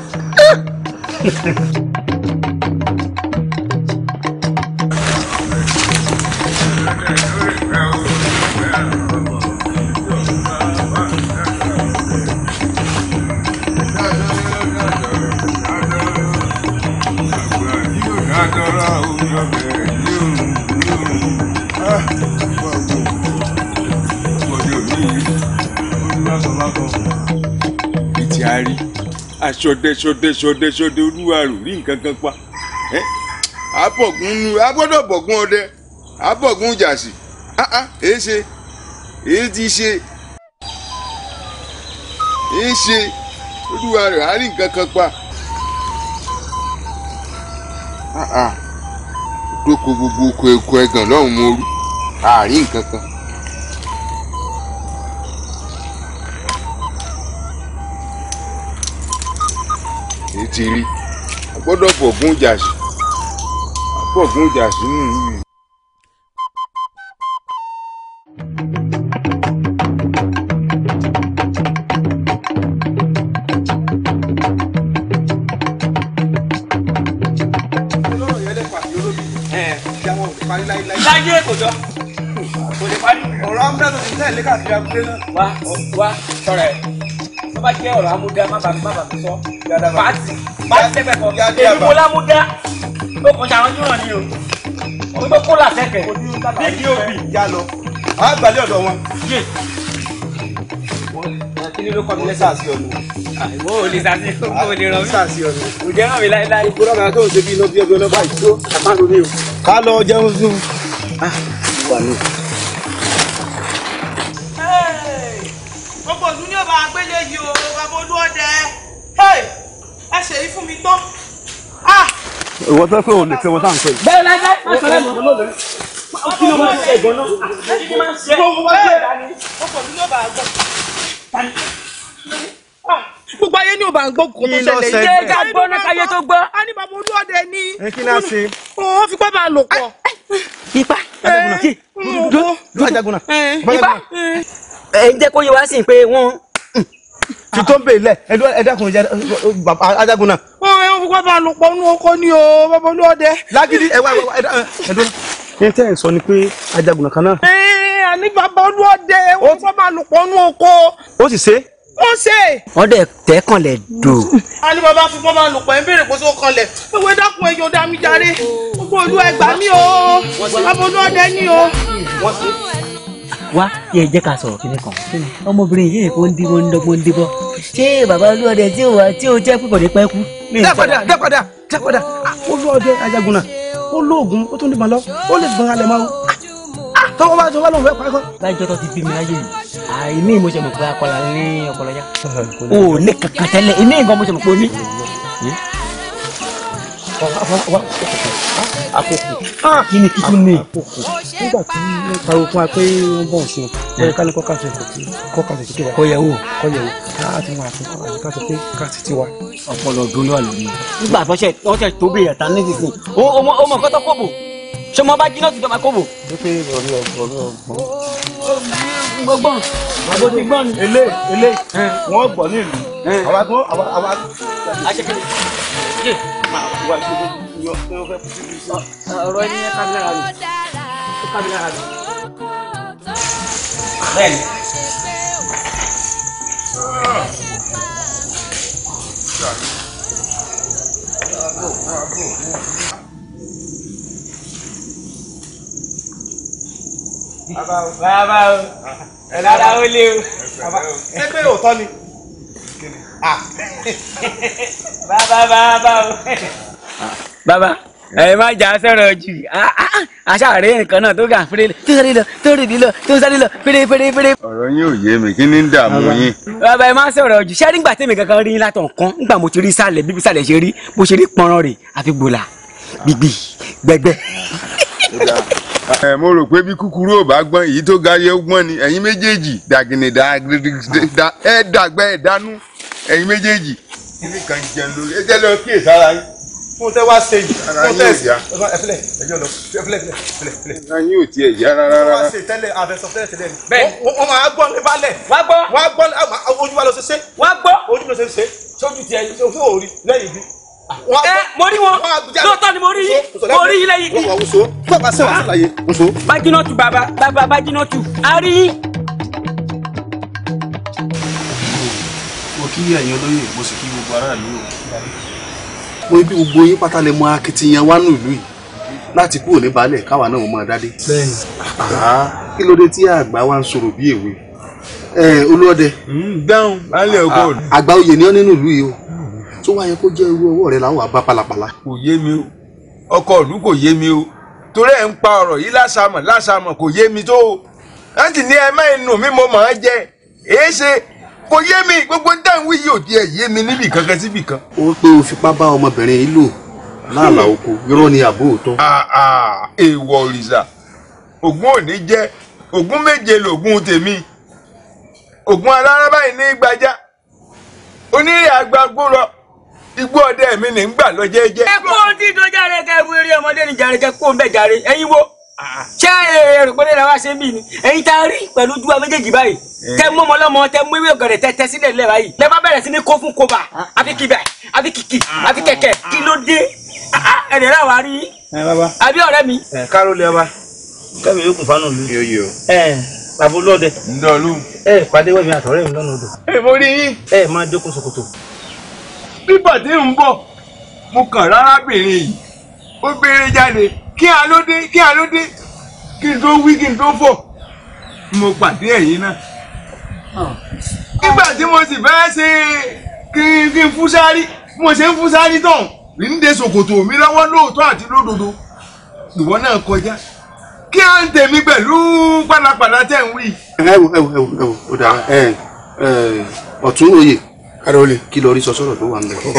ṣọdẹ ṣọdẹ ṣọdẹ ṣọdẹ olúwa rò rí nǹkan kan pa abọ̀gún nu agbọ́dọ̀ bọ̀gún ọdẹ abọ̀gún jàsì èé ah, ah, ṣe èé ti ṣe èé ṣe olúwa rò á rí nǹkan kan pa ah, dóko gbogbo oko ẹ̀kọ́ ẹ̀gàn lọ́hùn-ún mo rí àárín nǹkan kan. ti rí a gbọ́dọ̀ fògùn jàṣì fògùn jàṣì nù yìí. láyé kò jọ kò lè parí ọ̀rọ̀ bá jẹ́ ọ̀rọ̀ amúdá má bàmí má bàmí sọ pàtì pàtì tẹ́fẹ̀ kọ èyí mo lámúdá tó kọjá àwọn yúràn ni o mo gbé kólà tẹ́fẹ̀ bíbí òbí yá lọ àgbàlẹ̀ ọ̀dọ̀ wọn. kí ni ló kọ́ mi lẹ́sà sí ọ̀nù. àìmọ́ ah, ò lè sàṣì fún kò lè ràn mí. sàṣì ọ̀nù. ràn mí láéláé. ìgbóná mi àti òun iná bí ọbẹ̀ ọlọ́ba ìṣó àpá ká lọ jẹun sùn. ah wà ní. gbọ́. Ah! ìwọ fẹ́ pé òun nìkan wọn tá à ń pè. bẹ́ẹ̀ ni ẹgbẹ́ máa sọ lẹ́nu olóòlù kí ló máa ń ṣe ẹ̀gbọ́n náà kí ló máa ń ṣe é ọkọ̀ mi ló bá a gbọ́. Ah! gbogbo ayé ni ò bá ń gbọ́ kó tó ṣẹlẹ̀ yé ká gbọ́ náà káyé tó gbọ́. a ní bàbá olúọdẹ ni. ẹ kí náà ṣe. òun fipá bá a lò pọ̀. ipa ajagunna eh, eh, eh, ipa ẹ jẹ́ kó yẹ wá sí pé wọ́n fi tó ń bè lẹ ẹdákun ìjà adágún náà. ó ẹ ń fipá máa lò pọ̀ nínú ọkọ ni o bàbá olúọdẹ. lágídí ẹ wá ẹdún ní tẹ́ ẹ̀ sọ ni pé ajagun kan náà. ẹ ní bàbá olúọdẹ ẹ wọ́n máa lò pọ̀ nínú ọkọ. ó sì ṣe. ó ṣe. wọ́n dẹ̀ tẹ́ kànlẹ̀ a ní bàbá fipá máa lò pọ̀ ẹ̀ ń kó tó kànlẹ̀ ewé dákun ẹ̀yọ̀ dá mi jáde gbogbo olú ẹgbàá mi o bàbá olúọdẹ ni o wá yẹ jẹ́ ká sọ̀rọ̀ kíní kan ọmọbìnrin yìí kò ń dìbò ń dọ́gbọ́n ń dìbò ṣé bàbá olóòdẹ tí ò tí ò jẹ́ pípọ̀ ní pẹ́kú. dápadà dápadà dápadà ah, olóòdẹ ajagunna olóògùn ó tún dìbọn lọ ó lè gbọ́n alẹ́ máa ah, ah, tọwọ́ bá tọwọ́ lòun fẹ́ pàkọ́. lájọ́ tó ti bí mi láyé mi àìní mo ṣe mọ̀ pé akọlà ní ọpọlọ o ní kankan tẹ́lẹ̀ ìní nǹkan mo pé o ní àkókò kí ni tuntun ni nígbà tí wọ́n pariwo fún wa pé wọ́n bọ̀ sí wọn ká ní kọ́ka ṣe kòkí kọ́ka ṣe kékeré kọ́yẹ̀wò kọ́yẹ̀wò káà wọn àti ká sọ pé ká ti wa. ọpọlọ ọdún náà ló ní. nígbà tó ṣe tóbi rẹ̀ tán nísinsìnyí ó mọ kọ́tọ́ kọ́bù ṣé bá jí náà ti dọ́ máa wípé ọ̀rẹ́ ọ̀gbọ̀n ọ̀gbọ̀n gbọ́n mo ti gbọ́n ni. ele ele eh, wọn gbọ́ ní ìlú eh. àwa gbọ́ àwa àwa. ọ̀rọ̀ ẹni yẹn kábílẹ̀ rà mí kábílẹ̀ rà mí. bẹ́ẹ̀ni. Thank you. bàbá o ẹ̀dára ó lé o ṣé pé òótọ́ ni bàbá bàbá o. bàbá ẹ má jà sọ̀rọ̀ jù aṣáàrẹ̀ nǹkan náà tó gà fèrè tó sáré lọ tó rè lílọ tó sáré lọ fèrè fèrè fèrè. ọ̀rọ̀ yín ò yé mi kí ni ń dààmú yín. bàbá ẹ má sọ̀rọ̀ jù ṣé nígbà tèmi kankan rí látọ̀ nǹkan nígbà mo ti rí sàlẹ̀ bíbí sàlẹ̀ ṣe rí bó ṣe rí pọnrán rè àfi gbòòlà gbìgbì gbẹgbẹ ẹ mo rò pé bí kúkúrú ò bá gbọ́n èyí tó ga yẹ gbọ́n ni ẹ̀yin méjèèjì dàgìnì dà ẹ dàgbà ẹ dánú ẹ̀yin méjèèjì. kíní kan jẹun lórí ẹ jẹ́ lọ kí èsì ara yín fún tẹ́ wá ṣe yìí fún tẹ́ ẹ filẹ̀ ẹjọ́ lọ filẹ̀ filẹ̀ filẹ̀. ara yín ò tiẹ̀ yá rárá. wọ́n ṣe tẹ́lẹ̀ àbẹ̀sọ̀ tẹ́lẹ̀ tẹ́lẹ̀ ni. bẹ́ẹ̀ wọ́n máa gbọ́ ní balẹ̀. wá gbọ́ wá gbọ́ ojú wa lọ ṣe ṣe. wá gbọ́ ojú lọ ṣe ṣe. sójú tiẹ̀ sójú òòrì lẹ́yìn bíi ẹ eh, mo rí wọn lóòótọ́ ni mo rí yín mo rí yín lẹ́yìn kí. bàbá sẹ́wà sàlàyé. bájínà tù bàbá bàbá bájínà tù a rí yín. mo kí ẹ̀yin olóyè mo sì kí gbogbo aráàlú o. mo ibi gbogbo yín pátá lè mọ akitiyan wa nù ìlú yìí láti kúrò ní baálẹ̀ káwa náà mọ̀ dádé. kí ló dé tí àgbà wa ń sọ̀rọ̀ bí èwe eh, olóòdẹ. Hmm, gbẹ́hùn baálé ọgọ́rùn. àgbà oyè ni ó nínú ìlú yìí o. tó wáyé kó jẹ́ irú owó rẹ làwọn àbá palapala. kò yé mi o ọkọ ìlú kò yé mi o torí ẹ̀ ń pa ọ̀rọ̀ yìí lásàmọ̀ lásàmọ̀ kò yé mi tó o wọ́n ti ẹ ẹ̀mẹ́ nù mí mo mọ̀ ọ́n jẹ èé ṣe kò yé mi gbogbo ń dáhùn yìí ò tiẹ̀ yé mi n'íbi kankan síbi kan. o pé o fipá bá ọmọbìnrin yìí lò láàlà oko irọ́ ni àbó òótọ́. èèwọ̀ òrìṣà ògún òní jẹ́ ògún méje lògún tèmi ògún alára báyìí ní gbajá onírè àgbàgbó lọ igbó ọdẹ mi ní gbà lọ jẹ́jẹ́. ẹ kó tí tó jáde kẹ wí rí ọmọdé ní jàre kẹ kó mbẹ jàre ẹ̀yin wo ah. ṣé èrò pé lẹ́la wá ṣe ń bì ní tá a rí pẹ̀lú ojú wa méjèèjì báyìí eh. tẹ mú ọmọlọmọ tẹ mú ewé ọ̀gẹ̀dẹ̀ tẹ tẹ sílẹ̀ lẹ báyìí lẹ bá bẹ̀rẹ̀ sí ní kó fún koba ah. àfi kìbẹ àfi ah. kí ló dé ẹnì rà wá rí eh, àbí ọ̀rẹ́ mi. Eh, káró lè wa kẹ́mi yóò kún fánà lu bàbá olóde ẹ pàdé wẹ̀mí àtọ̀rẹ́ mi lọ́nà odò. èèmọ̀ rí yín. ẹ máa jókòó ṣòkòtò bíbọ̀ tí ń bọ̀ mo kàn rárábìnrin yìí ó béèrè jáde kí a ló dé kí a ló dé kí n tó wí kí n tó fọ̀ mo pàdé ẹ̀yìn náà nígbà tí mo sì fẹ́ ṣe kí n fún sáré mo ṣe ń fún sáré tán rí ń de ṣòkòtò mi lọ́wọ́ lóòótọ́ àti lódodo ìwọ náà kọjá kí á ń tèmi pẹ̀lú pàlàpàlà tẹ̀ ń wí. ẹ wò ẹ wò ẹ wò ó dára ẹ ọ̀tún òye ara olè. kí ló rí sọ sọ̀rọ̀ tó wà ń bẹ.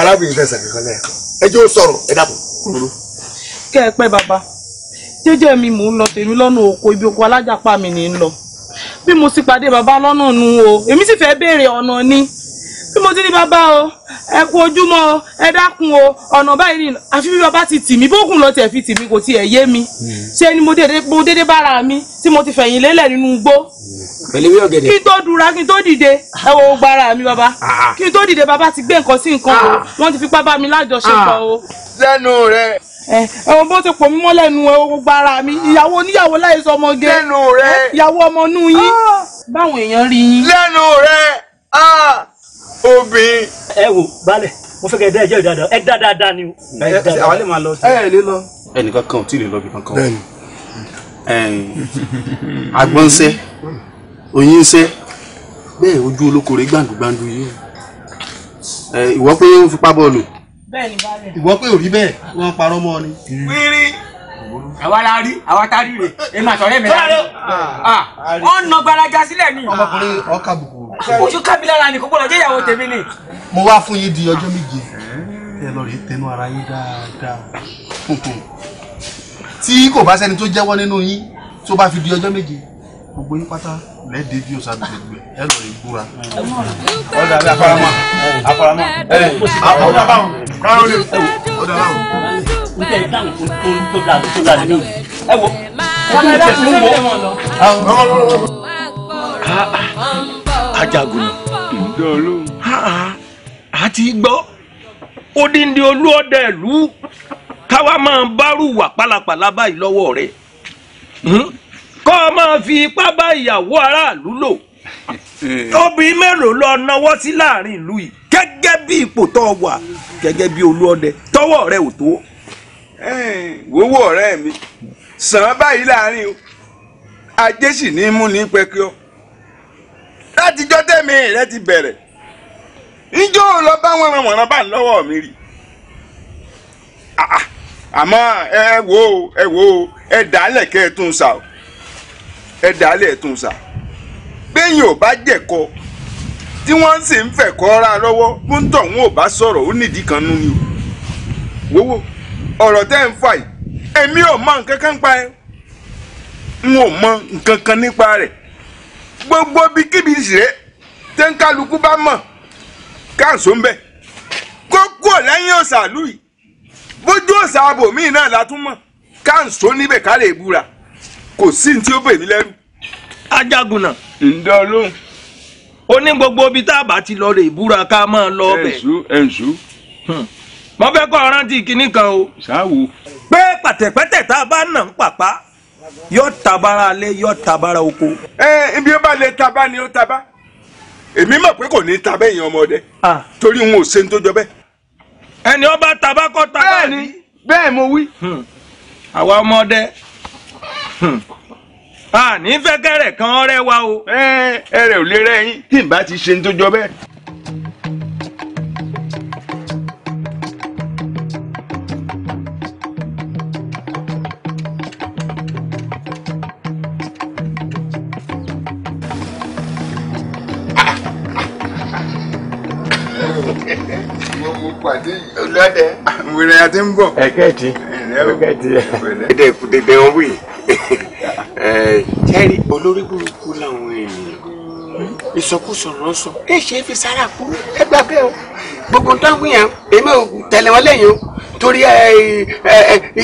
arábìnrin fẹsẹ̀ kankan lẹ́ẹ̀kan ẹ jẹ́ ó sọ̀rọ̀ ẹ dàpọ̀. kẹ́ ẹ pẹ́ bàbá jẹ́jẹ́ mi mò ń lọ tèmi lọ́nà oko ibi oko alájàpá mi ní ń lọ bí mo sì pàdé bàbá lọ́nà nu o èmi sì fẹ́ béèrè ọ̀nà ni bí mo ti ní bàbá o ẹ kú ojúmọ́ ẹ dákun o ọ̀nà báyìí ni àfi bí bàbá ti tì mí bókun lọ tiẹ̀ fi tì mí kò tiẹ̀ yé mi hmm. ṣé ni mo dédé bára mi tí mo ti fẹ̀yìn lélẹ̀ nínú igbó hmm. kí n tó dura kí n tó dìde ẹ wo gbára mi bàbá ah, ah. kí n tó dìde bàbá ti gbé nǹkan sí nǹkan o ah. wọ́n ti fipá bá mi lájọṣepọ̀ o. lẹ́nu rẹ̀ ẹ̀wọ̀n bó ti pò mí mọ́ lẹ́nu gbogbo ara mi ìyàwó oníyàwó láìsọ ọmọge lẹ́nu rẹ̀ ìyàwó ọmọ inú yín báwọn èèyàn rí yín lẹ́nu rẹ̀ obìnrin. ẹ wo balẹ̀ mo fẹ́ kẹ́ ẹ dá ẹjọ́ ìdáadáa ẹ dá dáadáa ni o. àwa lè máa lọ sí. ẹ lè lọ. ẹnìkan kan ò tí ì lè lọ bí kankan. bẹ́ẹ̀ni. agbọnsẹ oyinsẹ bẹ́ẹ̀ ojú olókòrè gbàǹdùgbàǹdù yìí ìwọ pé ó fipá bọ́ọ̀lù. bẹ́ẹ̀ni balẹ̀. ìwọ pé ò rí wọn parọ́ mọ́ ọ ni. wírí àwa la rí àwa ta rí rè èmi àtọ̀rẹ́ mi la ah, rí wọ́n nà gbalaja sílẹ̀ ni. ọmọkùnrin ọkà bùkù. oṣù kábílára ni kókó lọ jẹ́ ìyàwó tèmi ni. mo wá fún yín di ọjọ́ méje ẹ lọ rí tẹnu ara yín dáadáa tí kò bá sẹ́ni tó jẹ́wọ́ nínú yín tó bá fi di ọjọ́ méje gbogbo yín pátá lẹ́ẹ̀dẹ́ bí ọ̀sán gbẹgbẹ ẹ lọ rí búra. ó dàbí afárá mọ́ afárá mọ́ ó dàbí afárá mọ́ ó dàbí afárá mọ́ nígbà yìí dáhùn tó ajagun ìjọ olóhùn gbọ́ odindi olú ọdẹ ìlú káwa máa bárù pálapàla báyìí lọ́wọ́ rẹ̀ hmm? kọ́ ọ máa fi ipá bá ìyàwó aráàlú lò obìnrin mélòó lọ náwó sí láàrin ìlú yìí gẹ́gẹ́ bí ipò tó wà gẹ́gẹ́ bí olú ọdẹ tọwọ́ rẹ̀ ò tó. wowó ọ̀rẹ́ mi sàn án báyìí láàrin o ajé sì ní mú ní pẹ́kí ọ látijọ́ tẹ̀mí rẹ ti bẹ̀rẹ̀ njó lọ bá wọn wọ̀nà bá lọ́wọ́ mi rí ah, àmọ́ ẹ wò ó ẹ wò ó ẹ dàálẹ̀ kẹ́ ẹ tún sà ó ẹ dàálẹ̀ ẹ tún sà bẹ́yìn ò bá jẹ̀kọ́ tí wọ́n sì ń fẹ̀kọ́ ra lọ́wọ́ bóńtọ̀ wọn ò bá sọ̀rọ̀ ó nídìí kan nú ni o wówó. ọ̀rọ̀ tẹ́ ń fà yìí èmi ò mọ nǹkan kan pa ẹ́ n ò mọ nǹkan kan nípa gbogbo bíi kíbi ìṣeré tẹ́ ń kálukú bá mọ̀ káàsó ń bẹ̀ kó kúrò lẹ́yìn ọ̀sà lùyìí bójú ọ̀sà abòmíì náà la tún mọ̀ káàsó níbẹ̀ ká lè búra kò sí ní tí ó bèmí lẹ́rù. ajagunà. ǹdọ́ ó ní gbogbo ibi tá a bá ti lọ búra ká mo fẹ́ kọ́ rántí kinní kan o. ṣáàwò. pé pàtẹ́pẹ́tẹ́ tá a bá nà ń pàpá yóò tabara alẹ́ yóò tabara oko. ẹ ibi ó bá lè taba ni ó taba èmi mọ̀ pé kò ní tabẹ́ yẹn ọmọdé torí n ò ṣe ń tó bẹ́ẹ̀. ẹni ó taba kọ́ taba ni. bẹ́ẹ̀ mo wí. Hmm. àwa ọmọdé hmm. a ní fẹ́ kẹ́rẹ̀ kan ọ̀rẹ́ wa o. ẹ ẹ rẹ ò lè rẹ yín tí n bá ti ṣe ń tó bẹ́ẹ̀. wèrè àti ń bọ̀. ẹ̀kẹ́ẹ̀tì ẹ̀kẹ́ẹ̀tì. dédé dédé wọn wí jẹ́rìí olórí burúkú làwọn ènìyàn ìsọkúsọ náà sọ ẹ ṣe é fi sára kú ẹ gbà bẹ́ẹ̀ o gbogbo tó ń gbìyàn èmi ò tẹ̀lé wọn lẹ́yìn o torí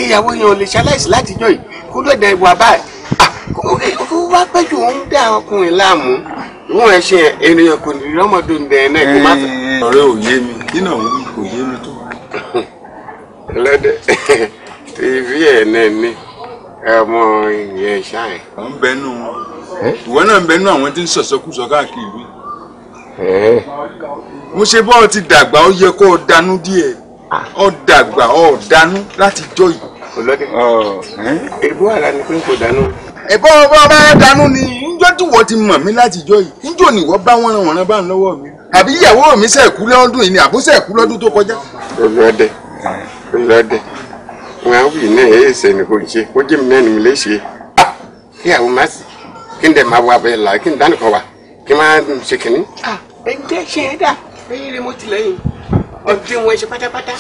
ìyàwó yẹn ò lè ṣaláìsí látijọ́ yìí kó ló dẹ̀ wà báyìí kó wá pẹ́jù òun dá ọkùnrin láàmú wọn ẹ ṣe ènìyàn kò ní ọmọdé ń dẹ̀ ẹ́ náà kó má fẹ́. ọ̀rẹ́ ò yé mi kí náà ń lọ́dẹ tìbí ẹ̀ náà ni ọmọ ìyẹn ṣáà. ọ̀ ń bẹnu ìwọ náà ń bẹnu àwọn tí ń sọ̀sọ́kùsọ káàkiri ìlú. mo ṣe bọ́ ọ ti dàgbà ó yẹ kó o danú díẹ̀ ah. ọ dàgbà ọ danú láti jọ yìí. ọlọ́dẹ ìbú àlá ni pé kò danú. ẹ̀bọ́ ọba bá danú ni njọ́ tí wọ́n ti mọ̀ mí láti jọ yìí njọ́ ni wọ́n bá wọn ràn wọ́n rán bá ń lọ́wọ́ mi àbí ìyàwó mi ṣe kú lọ́dún yìí ni àbúṣe lọ́dún tó kọjá. ọlọ́dẹ lọ́dẹ wọn wì náà ẹ̀ ṣe ni kò ṣe kó jẹ́ mi náà ni mi lè ṣe kí àwọn máa sì kí n dẹ̀ máa wà bẹ́ẹ̀ là kí n dánù kan wà kí n máa ṣe kìnní. ẹ ń tẹ́ ṣe é dà ẹ̀yin ni mo ti lẹ́yìn ọdún wọn ṣe pátápátá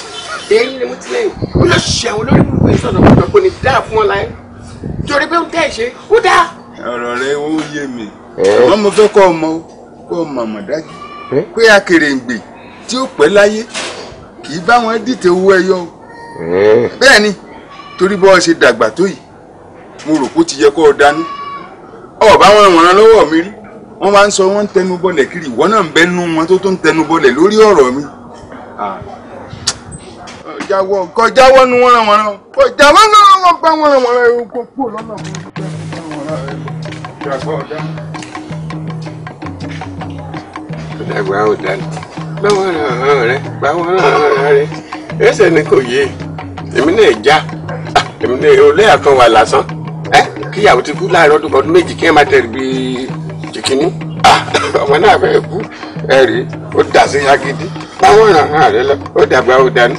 ẹ̀yin ni mo ti lẹ́yìn ó lọ ṣe àwọn olórí burúkú yìí sọ̀rọ̀ pọ̀ kò ní dáa fún ọ láyé torí pé ó ń tẹ́ ṣe ó dáa. ọ̀rọ̀ rẹ ó yé mi wọ́n mo fẹ́ kọ́ ọmọ kọ́ ọmọ àmọ̀dájú pé akèrèǹgbè tí ó pẹ́ láyé kì í bá wọn dìtẹ̀ owó ẹyọ o Eh. bẹ́ẹ̀ ni torí bọ́ ṣe dàgbà tó yìí mo rò kó ti yẹ kó o dání ọba wọn ràn lọ́wọ́ mi rí wọ́n máa ń sọ wọ́n ń tẹnu bọ́lẹ̀ kiri ìwọ náà ń bẹ́ nú wọn tó tó ń tẹnu bọ́lẹ̀ lórí ọ̀rọ̀ mi. jáwọ́ kọjáwọ́ nu wọ́n ràn wọ́n ràn kọjáwọ́ nu wọ́n gbá wọ́n ràn wọ́n ràn ẹ̀rọ gbogbo lọ́nà mi. ìdàgbà ò dáná gbá wọ́n ràn rẹ̀ gbá wọ́n ẹsẹ̀ ni kò yé èmi náà já ah, èmi náà olóyà kan wà lásán ẹ eh, kíyàwó ti kú láàrin ọdún ọdún méjì kí ẹ má tẹ̀lé bí jìkínní ah, ọmọ náà fẹ́ kú ẹ rí ó dà sí yagidi báwọn ràn án rẹ lọ ó dàgbà ó dání.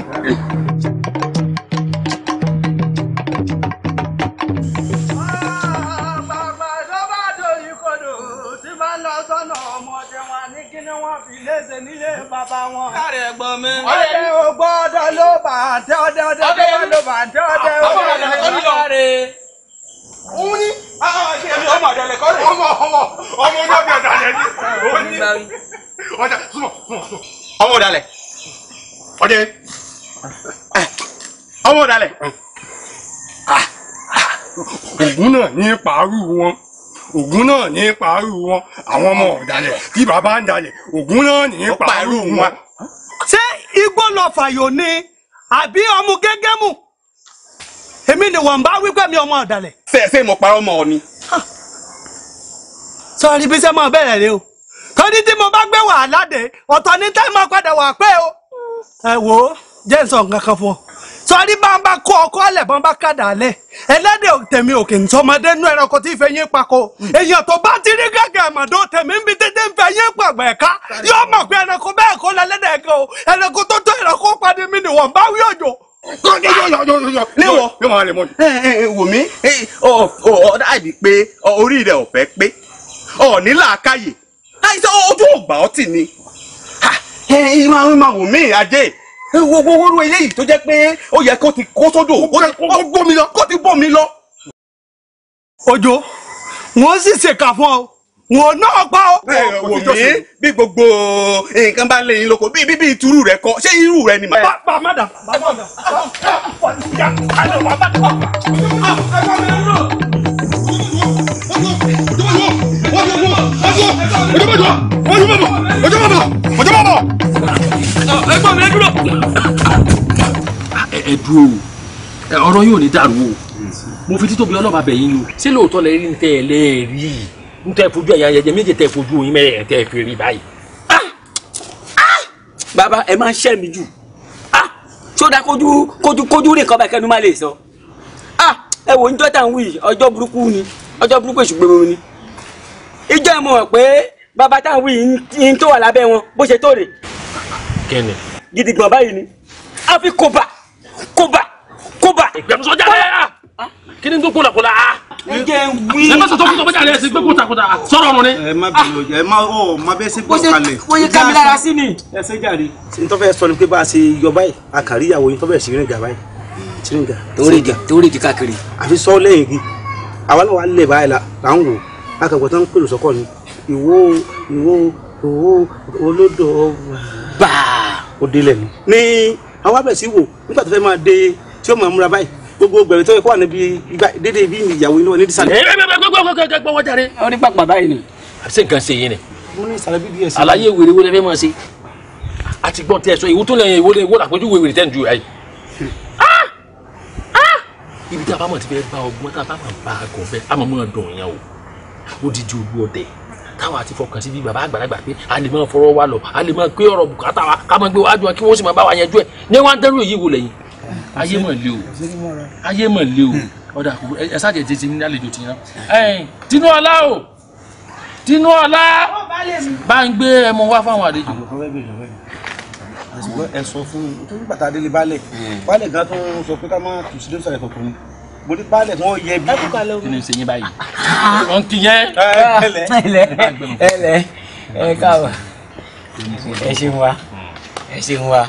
bàbá wọn. káàrẹ̀ ẹ̀gbọ́n mi. ọdẹ ò gbọ́dọ̀ ló bà á tẹ ọdẹ ọdẹ ọdẹ ló bà á tẹ ọdẹ ọdẹ ló bà á tẹ òun ni ah, ah, ẹmi ọmọ àdàlẹ kọrẹ ọmọ ọmọ ọmọ ọmọ àdàlẹ ni òun ni ọjà súnmọ́ súnmọ́ súnmọ́ ọmọ ọdàlẹ ọdẹ ọmọ ọdàlẹ ah, ògùn náà ní pàrọ̀ wọn. Ògún náà ní pàrọ̀ wọn àwọn ọmọ ọ̀dàlẹ̀ tí bàbá ń dalẹ̀ Ògún náà ní pàrọ̀ wọn. ṣé igbó lọ fàyò ni àbí ọmú gẹ́gẹ́ mú èmi ni wọ́n bá wípé mi ọmọ ọ̀dàlẹ̀. fẹ́ẹ̀fẹ́ mo parọ́ mọ́ ọ ni. sọ̀rọ̀ ibi iṣẹ́ máa bẹ̀rẹ̀ rẹ o torí tí mo bá gbé wàhálà dé ọ̀tọ̀ ni tẹ́ máa padà wà pé o. ẹ wo jẹ́ nsọ̀ fún ọ. sọrí bá ń bá kó ọkọ alẹ bá ń bá kàdà alẹ ẹlẹdẹ òkè nsọmọdé nú ẹranko tí fẹ́ pako èèyàn tó bá ti rí gàgà àmàdó tèmi ń bi tètè ń ẹka yóò mọ̀ pé ẹranko bẹ́ẹ̀ kó ẹkẹ o tó tó padì mí ni wọn bá wí òjò. ojú ni ìmọ̀ ìmọ̀ ajé. wo wo wo eléyìí tó jẹ́ pé ó yẹ kó ti kó sódò ó gbó mi lọ kó ti bọ́ mi lọ. ojo wọn sì ṣèkà fún ọ wọn náà pa ọ. bẹ́ẹ̀ wò mí bí gbogbo nǹkan bá lè yín lóko bí bí bí ìtúrú rẹ kọ ṣé irú rẹ ni mà. bá bá má dà bá má dà. ọjọ́ bàbà ọjọ́ bàbà ọjọ́ bàbà ọjọ́ bàbà. ẹ̀gbọ́n mi ẹ dúró. ẹ dúró o ọ̀rọ̀ yóò ní dàrú o mo fi títóbi ọlọ́ba bẹ̀ yín o. ṣé lóòótọ́ lẹ rí ní tẹ́ ẹ lẹ́ẹ̀rí ní tẹ́ ẹ fojú ẹ̀yà ẹ̀jẹ̀ méje tẹ́ ẹ fojú yín mẹ́rẹ̀ẹ̀rin tẹ́ ẹ fi rí báyìí. bàbá ẹ máa ń ṣẹ́ mi jù tí ó dá kójú kójú kójú rìn kan bá kẹnu má lè sọ ẹ wò ń jọ́ta ń wí ọjọ́ burúkú ni ọjọ́ burúkú èṣù gbẹmọ ni ìjọ ẹ̀ mọ̀ pé bàbá táwọn wí ní tó wà lábẹ́ wọn bó ṣe tó rè. kẹ́ni. gidigbọ̀n báyìí ni a fi kóbà kóbà kóbà. ìgbẹ́musọ jáde a ah! kí ni ah? n gbókun làkúlà a. ǹjẹ́ wí. ẹ má sọ tó fún tó bójú àlẹ́ ẹ̀sìn gbókun takùtà ah! sọ̀rọ̀ ọ̀run ni. ẹ má bẹ̀rù ẹ má ọ má bẹ́ẹ̀ sí gbọ́ o wọ́n yé kámi lára sí ni. ẹ ṣe jàre. ntọ́fẹ́ sọ ni pé bá a ṣe yọ báyìí àkàrí ìyàwó yìí tọ́fẹ́ sí rìnga báyìí sí rìnga. torí di torí di káàkiri. àfi sọ lẹ́yìn igi àwa náà wà lẹ̀ báyìí là ń wò akẹ́kọ̀ọ́ tó ń pèrò sọ́kọ̀ ni ìwó ìwó ìwó olódò bá òdelẹ̀ ni. ní àwọn abẹ́sí wò nígbà tó fẹ́ máa dé tí ó máa múra báyìí gbogbo gbẹ̀rẹ̀ tó yẹ kó wà níbi dédé bí ìyàwó inú ní ìsàlẹ̀. ẹ ẹ gbọ́dọ̀ wọ́n jàre. ọ ní pàpà báyìí ni. àbísẹ́ nǹkan ṣe yín ni. mo ní ìsàlẹ̀ bí díẹ̀ sí. àlàyé wèrè wo lẹ fẹ́ máa ṣe. a ti gbọ́n tẹ́ ẹ sọ ìwú tó lẹ́yìn ìwó lẹ́yìn ìwó àpéjú wèrè tẹ́ ń ju ayé. ibi tí a bá mọ̀ ti fẹ́ bá ọgbọ́n tá a bá mọ̀ bá a gọ̀ fẹ́ a mọ̀ mọ̀ dùn yẹn o odidi olú ọdẹ táwa ti fọkàn sí bí bàbá àgbàlagbà pé a lè máa fọ̀rọ̀ wa lọ a lè máa gbé ọ̀rọ̀ bùkátà wa ká máa gbé wájú wa kí wọ́n sì máa bá wa yanjú ẹ̀ ní wọ́n á dẹ́rù èyí wo lẹ́yìn ayé mọ̀ lé o ayé mọ̀ lé o ọ̀dà kò ẹ sáàjẹ̀ tètè ní àlejò tìyàn tinú ọlá o tinú ọlá bá ń gbé ẹmu wá fáwọn àlejò ẹ sọ fún un tó ń gbàtà délé balẹ̀ balẹ̀ gan tó ń sọ pé ká má tùsílẹ̀ sọ̀rọ̀ kọ̀ọ̀kan mo ní baálẹ̀ tí wọ́n yẹ bí. kí ni ṣe yín báyìí ah. wọ́n ti yẹ. ẹlẹ ẹlẹ ẹ káàbọ̀ ẹ ṣeun wa hmm. ẹ ṣeun wa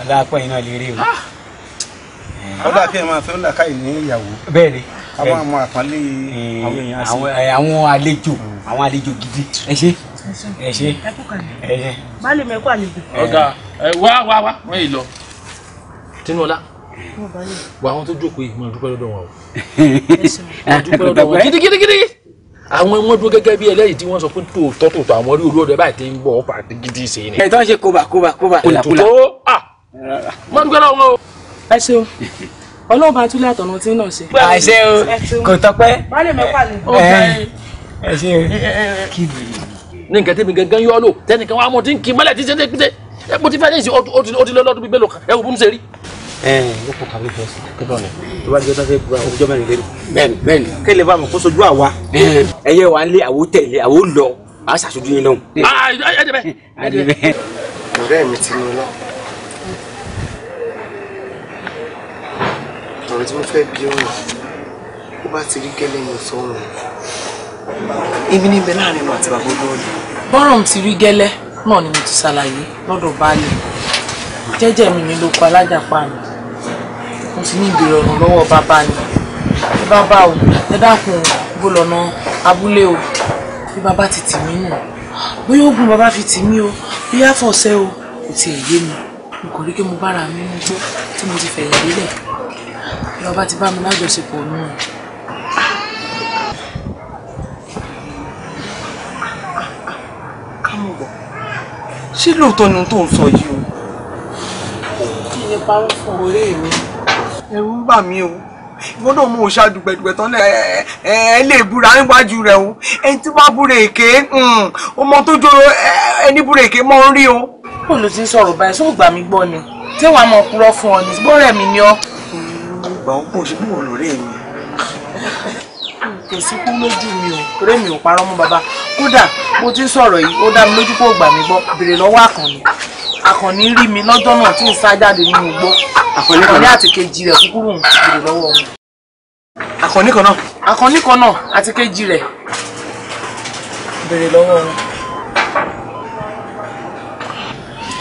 ọlá apọ̀ yìí náà lè rí o. ọlá ah. kí ẹ máa fẹ́ ọlá káyìí ní ìyàwó. bẹ́ẹ̀ni àwọn ọmọ àpọ́nlé eh, àwọn èèyàn sí. Eh, àwọn àlejò hmm. àwọn àlejò gidi ẹ ṣe ẹ ṣe ẹ ṣe. baálé mẹ́kọ́ àlejò. Eh. ọ̀gá ẹ wá wá wá wọ́n yìí lọ tinúọlá wà àwọn tó jókòó yìí máa dúpẹ́ lọ́dọ̀ wọn o máa dúpẹ́ lọ́dọ̀ wọn gidigidigidi àwọn ọmọ dúró gẹ́gẹ́ bí ẹlẹ́yìí tí wọ́n sọ pé tòótọ́ tòótọ́ àwọn orí olóòdẹ báyìí ti ń bọ̀ ọ́ pàtó gidi ṣe ni. ẹ̀ tó ń ṣe kóbà kóbà kóbà kóbà. máa dúpẹ́ lọ́wọ́ o. ẹ ṣeun ọlọ́run bá túlẹ̀ àtọ̀nà tí náà ṣe. àṣẹ o kò tọpẹ́. bálẹ̀ mẹ́fà ni. ẹ ṣe o ni. ní nǹkan tẹ́mi gangan yọ lò tẹ́nìkan wa mọ̀ tí ó kò kàwé fẹ́ kébọ̀ ni tó bá jẹ́ tó fẹ́ gba ọjọ́ mẹ́rin lẹ́nu. bẹ́ẹ̀ni bẹ́ẹ̀ni. kẹlẹ bá mọ̀ kó sojú àwa. ẹyẹ wa ń lé àwo tẹ̀lé àwo lọ a ṣàṣojú yín lọ́hùn. ọ̀rẹ́ mi ti lọ lọ. ọ̀rọ̀ tí mo fẹ́ bí ọ̀nà ó bá ti rí gẹ́lẹ́ mi sọ̀rọ̀. ibi níbẹ̀ láàrin mi àti bàbá olóòlù. bọ́rọ̀ mi ti rí gẹ́lẹ́ náà ni mo ti ṣàlàyé lọ́dọ̀ baálé jẹ́jẹ́ mi ní lóko alájàpá ni mo sì ní ìbéèrè ọ̀ràn lọ́wọ́ bàbá ni bí bàbá o ẹ dákun bó lọ́nà abúlé o bí bàbá ti tì mí nù bóyá oògùn bàbá fi tì mí o bí àfọ̀ṣẹ́ o kò tiẹ̀ yé mi n kò rí kí mo bára mi mú tó tí mo ti fẹ̀yìn lélẹ̀ bí bàbá ti bá mi lájọṣepọ̀ nù. ṣé lóòótọ́ ni ohun tó ń sọ yìí o lè parọ́ fún ọ̀rẹ́ mi. ẹ̀rù ń bà mí o ìwọ náà mú òòṣà dùgbẹ̀dùgbẹ̀ tán lẹ ẹ ẹ lè búra níwájú rẹ o ẹni tí bá búra èké ọmọ tó jọrọ ẹni búra èké mọ ń rí o. bó ló ti ń sọ̀rọ̀ báyìí sóò gbà mí gbọ́ ni tí wàá mọ̀ kúrọ́ fún ọ ní bó rẹ̀ mí ni ọ́. ìgbà ó pọ̀ sí bí wọ́n lò rẹ̀ mi kò síkú lójú mi o torí mi ò parọ́ mọ́ bàbá kódà mo ti ń sọ̀rọ̀ yìí ó dá mi lójú pé ó gbà mí gbọ́ béèrè lọ́wọ́ àkànní àkànní rí mi lọ́jọ́ náà tí ń sá jáde nínú igbó àkànní àti kejì rẹ̀ kúkúrú ń béèrè lọ́wọ́ wọn. àkànní kan náà. àkànní kan náà àti kejì rẹ̀ béèrè lọ́wọ́ wọn.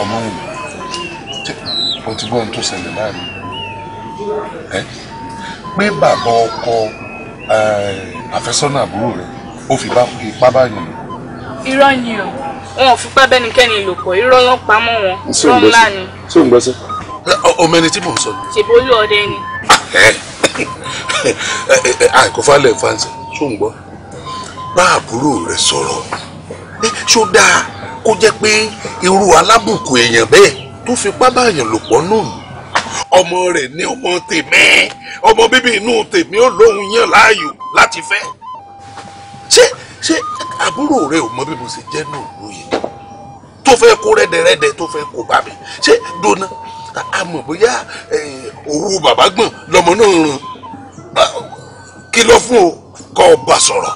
ọmọ mi o ti gbọ́ ohun tó ṣẹlẹ̀ láàrin pé bàbá ọkọ Eh, àfẹ́sọ́nà àbúrò rẹ̀ ó fi bá ipá báyìí lò. irọ́ ni o wọn ò fipá bẹ́nikẹ́ni lò pọ̀ irọ́ wọn pa mọ́ wọn irọ́ ńlá ni. ṣé ò ń gbọ́sẹ̀. ọmọ ẹni tí mò ń sọ ni. ṣèbólú ọdẹ ni. àìkọ́fálẹ̀ fáǹsì ṣó ń gbọ́ bá àbúrò rẹ̀ sọ̀rọ̀ eh, ṣó dáa kó jẹ́ pé irú alábùkù èèyàn bẹ́ẹ̀ tó fipá báyìí lò pọ̀ náà ọmọ rẹ̀ ní ọmọ tèmi ọmọ bíbí inú tèmi ó lóun yàn láàyò láti fẹ́ ṣé ṣé àbúrò rẹ ò mọ bí mo ṣe jẹ́ nùlù yìí tó fẹ́ kó rẹ́dẹ̀rẹ́dẹ̀ tó fẹ́ kó bá mi ṣé dona àmọ̀ bóyá òru bàbá gbọ̀n lọmọ náà ràn kí ló fún o kọ́ ọ bá sọ̀rọ̀.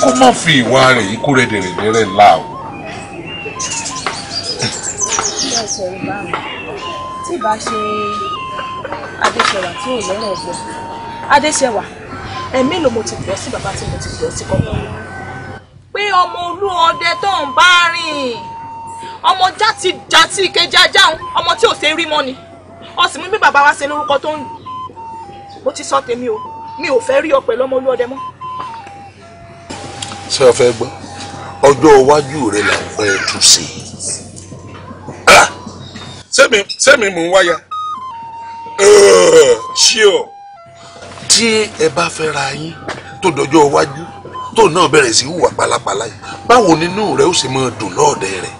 kó má fi ìwà rẹ̀ yìí kó rẹ́dẹ̀rẹ́dẹ̀ rẹ̀ tí ì bá ṣe adéṣẹwà tí ò lọ́rọ̀ ọ̀gbọ́n adéṣẹwà ẹ̀mí ló mo ti pọ̀ sí bàbá tí mo ti pọ̀ sí kọ́kọ́ pé ọmọ olú ọdẹ tó ń bá rìn ọmọ játi játi kejì ajá ọmọ tí ò ṣe rí mọ́ ni ọsìn mi bí bàbá wa ṣe lórúkọ tó ń mo ti sọ tèmi o mi ò fẹ́ rí ọ pẹ̀lú ọmọ olú ọdẹ mọ́. ṣé o fẹ́ gbọ́ ọjọ́ iwájú rẹ là ń fẹ́ tún sí i sẹ́mi sẹ́mi mò ń wáyà ṣíọ. tí ẹ bá fẹ́ ra yín tó dọjọ́ iwájú tó náà bẹ̀rẹ̀ sí hùwà pálapàla yìí báwo nínú rẹ ó sì máa dùn lọ́ọ̀dẹ rẹ.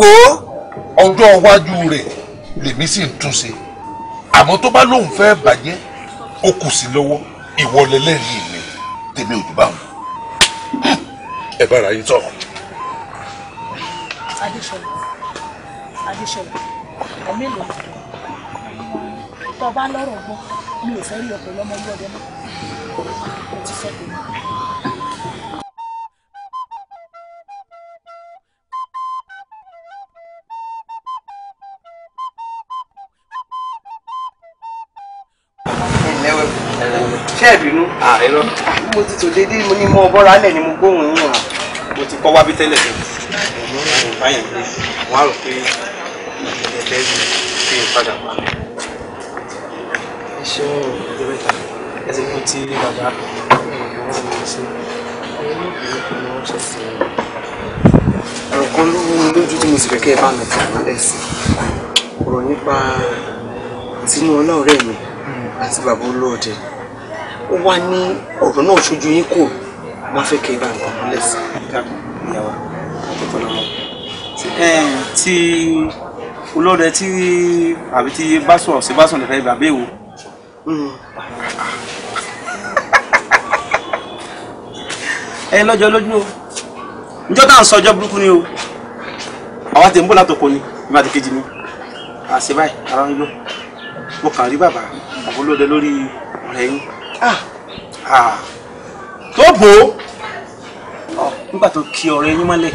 wo ọjọ́ iwájú rẹ lèmi sì ń tún ṣe àmọ́ tó bá lóun fẹ́ bàjẹ́ ó kù sí lọ́wọ́ ìwọlẹ́lẹ́rìí mi tèmi ò jù báwọn ẹ bára yín sọ̀rọ̀. adéṣọlá adéṣọlá ẹ̀mí ló tọ́ bá lọ́rọ̀ gbọ́ mi ò fẹ́ rí ọkọ̀ lọ́mọ ilé ọdẹ náà mo ti fẹ́ pè mí. ṣé ìbínú àìrọ mo ti tò déédéé mo ní mọ bọ́ra lẹ̀ ni mo gbóhùn yín hàn. mo ti kọ́ wábí tẹ́lẹ̀ tẹ́lẹ̀ báyìí wọ́n á rò pé lẹ́yìn tí n padà wá. ẹ ṣeun ìdílé mẹ́ta ẹ ti kú tí bàbá ìgbìmọ̀ wà ní sí ẹ ní ìgbìmọ̀ ni wọ́n ṣe fún un. ọ̀rọ̀ kan ló wú mi lójú tí mo sì fẹ́ kẹ́ ẹ bá mi tàn án lẹ́sìn ọ̀rọ̀ nípa tinú ọlọ́ọ̀rẹ́ mi àti bàbá olóòde ó wá ní ọ̀rọ̀ náà ṣojú yín kò má olóòdẹ tí àbí tí báṣọ ṣe báṣọ nìkan ibà bẹ́ẹ̀ wò. ẹ lọ́jọ́ lójú o njọ́ tá à ń sọ ọjọ́ burúkú ni o àwa tẹ̀ ń bọ̀ látòkò ni ìbá ti kejì ni àṣẹ báyìí ara ń yọ mo kàn rí bàbá àbólóòdẹ lórí ọ̀rẹ́ yín ah! Ah! tó bò ó nígbà tó ki ọ̀rẹ́ yín mọ́lẹ̀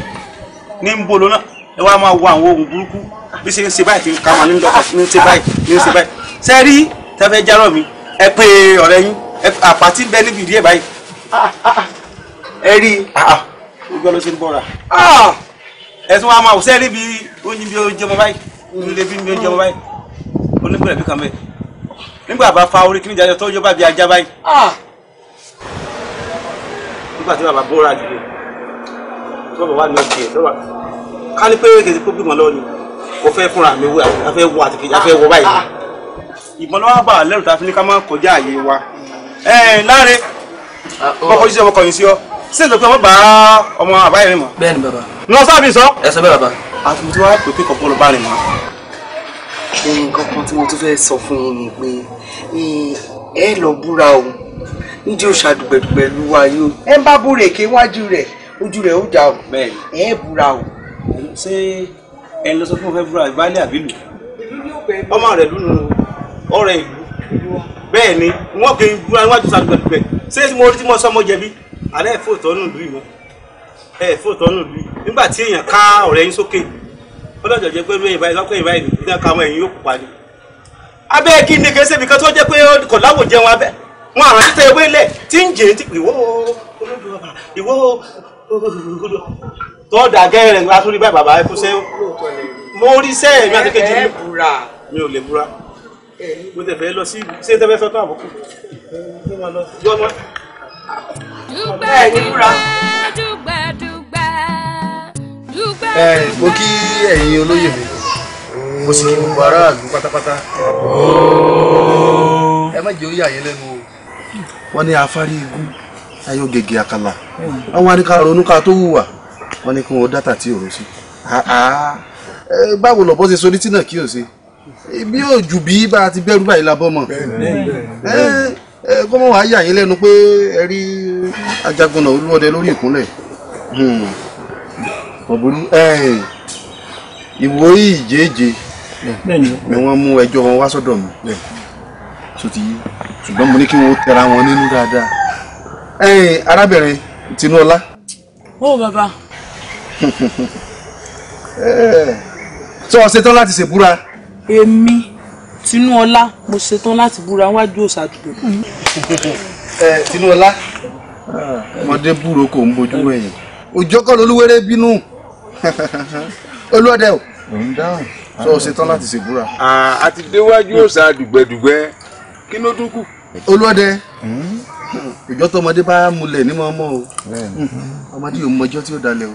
ní ń bolo náà ẹ wá máa wo àwọn oògùn burúkú bí ṣe ń ṣe báyìí ti ń ka wọn ní ń dọkọ ní ń ṣe báyìí ní ń ṣe báyìí ṣe rí tẹfẹ járọ mi ẹ pé ọ̀rẹ́ yín àpàtì bẹ níbi ìdí ẹ báyìí ẹ rí ìgbọ́ ló ṣe ń bọ̀ra ẹ tún wá máa wò sẹ́ẹ̀rí bí oyin bí oúnjẹ mọ báyìí nílé bí oúnjẹ mọ báyìí onígbẹ̀rẹ̀ bí kan bẹ́ẹ̀ nígbà bá fa orí kí níjà tó yóò bá bí ajá báyìí nígbà tí bàbá bóra jù tó bàbá náà jẹ tó bàbá ká ní pé kèsì pé bímọ lọ́wọ́ ni mo fẹ́ fúnra mi wé afẹ́ wọ àti kejì afẹ́ wọ báyìí. Ah, ah. ìbọn lọ́wọ́ bá lẹ́rù tá a fi ní ká má kọjá àyè wa. ẹ ẹ láre ah, ọkọ jíjẹ oh. ọmọ kọyìn sí ọ sí ìtọ́jú ọmọ bá ọmọ àbáyé rìn mọ́. bẹ́ẹ̀ni bàbá. lọ sábì sọ. ẹ sọ bẹ́ẹ̀ bàbá. àti mo ti wá pè pé kọ̀ọ̀kan ló bá rìn mọ́. nǹkan kan tí mo tún fẹ́ sọ fún yín ni pé ẹ lọ búra o níjẹ́ ò ṣàdùgbẹ̀dùgbẹ̀ lu wa yìí o. ẹ ń bá búrèké wájú rẹ̀ ojú rẹ̀ ó dà o ẹ búra o. ṣé ẹ lọ sọ fún february baálé àbílù. ọmọ rẹ lùnú ọrẹ ìlú bẹ́ẹ̀ ni wọn kì í búra níwájú sàgbẹdùgbẹ ṣé mo rí tí mo sọmọ jẹ̀bi alẹ fóòtọ nù lùú ìwọ ẹ fóòtọ nù nígbà tí èèyàn ká yín sókè pé ìbáyìí ìdá yóò ni. abẹ́ kí ni kan tó jẹ́ pé kò láwò jẹun abẹ́ wọn lẹ̀ tí ń jẹ́ tó dàgẹ́ rẹ̀ ńlá tó rí báyìí bàbá ẹ kú sẹ́yìn mo rí sẹ́yìn mi àti kejì mi ò lè búra mo tẹ̀ fẹ́ lọ sí ṣé tẹ́ fẹ́ sọ tán àbùkù mo máa lọ jọ́ mọ́ ẹ̀ ní búra. ẹ mo kí ẹ̀yin olóyè mi mo sì kí gbogbo aráàlú pátápátá ẹ má jẹ́ ó yà yín lẹ́nu o wọ́n ní afárí igú ayọ̀ gègé àkàlà àwọn àníkà ronú ká tó hùwà wọ́n ní kí wọ́n dátà tí òun sí báwo lọ́bọ́ ṣe sọ ní tí náà kí o ṣe bí yóò jù bí bá a ti bẹ́rù báyìí la bọ́ mọ̀ kọ́mọ wàá yà yín lẹ́nu pé ẹ rí ajagunà olúwọ́dẹ lórí ìkúnlẹ̀ ọ̀bùnú ìwòye ìjéèjé ni wọ́n mú ẹjọ́ wọn wá sọ́dọ̀ mi ṣùgbọ́n mo ní kí wọ́n tẹra wọn nínú dáadáa arábìnrin tinúọlá. ó bàbá sọ ṣetán láti ṣèbúra. èmi tinúọlá mo ṣetán láti búra wájú òṣàdúró. ẹ tinúọlá ọmọdé búro kò ń bojú wẹ̀yìn òjò kọ́ lolúwẹ́rẹ́ bínú olúọdẹ o sọ ṣetán láti ṣèbúra. àti déwájú òṣà dùgbẹ́dùgbẹ́ kí ló tún kù. olúọdẹ ìjọ hmm? tó ọmọdé bá múlẹ̀ ní mọ́ ọmọ o ọmọdé yóò mọjọ́ tí ó dalẹ̀ o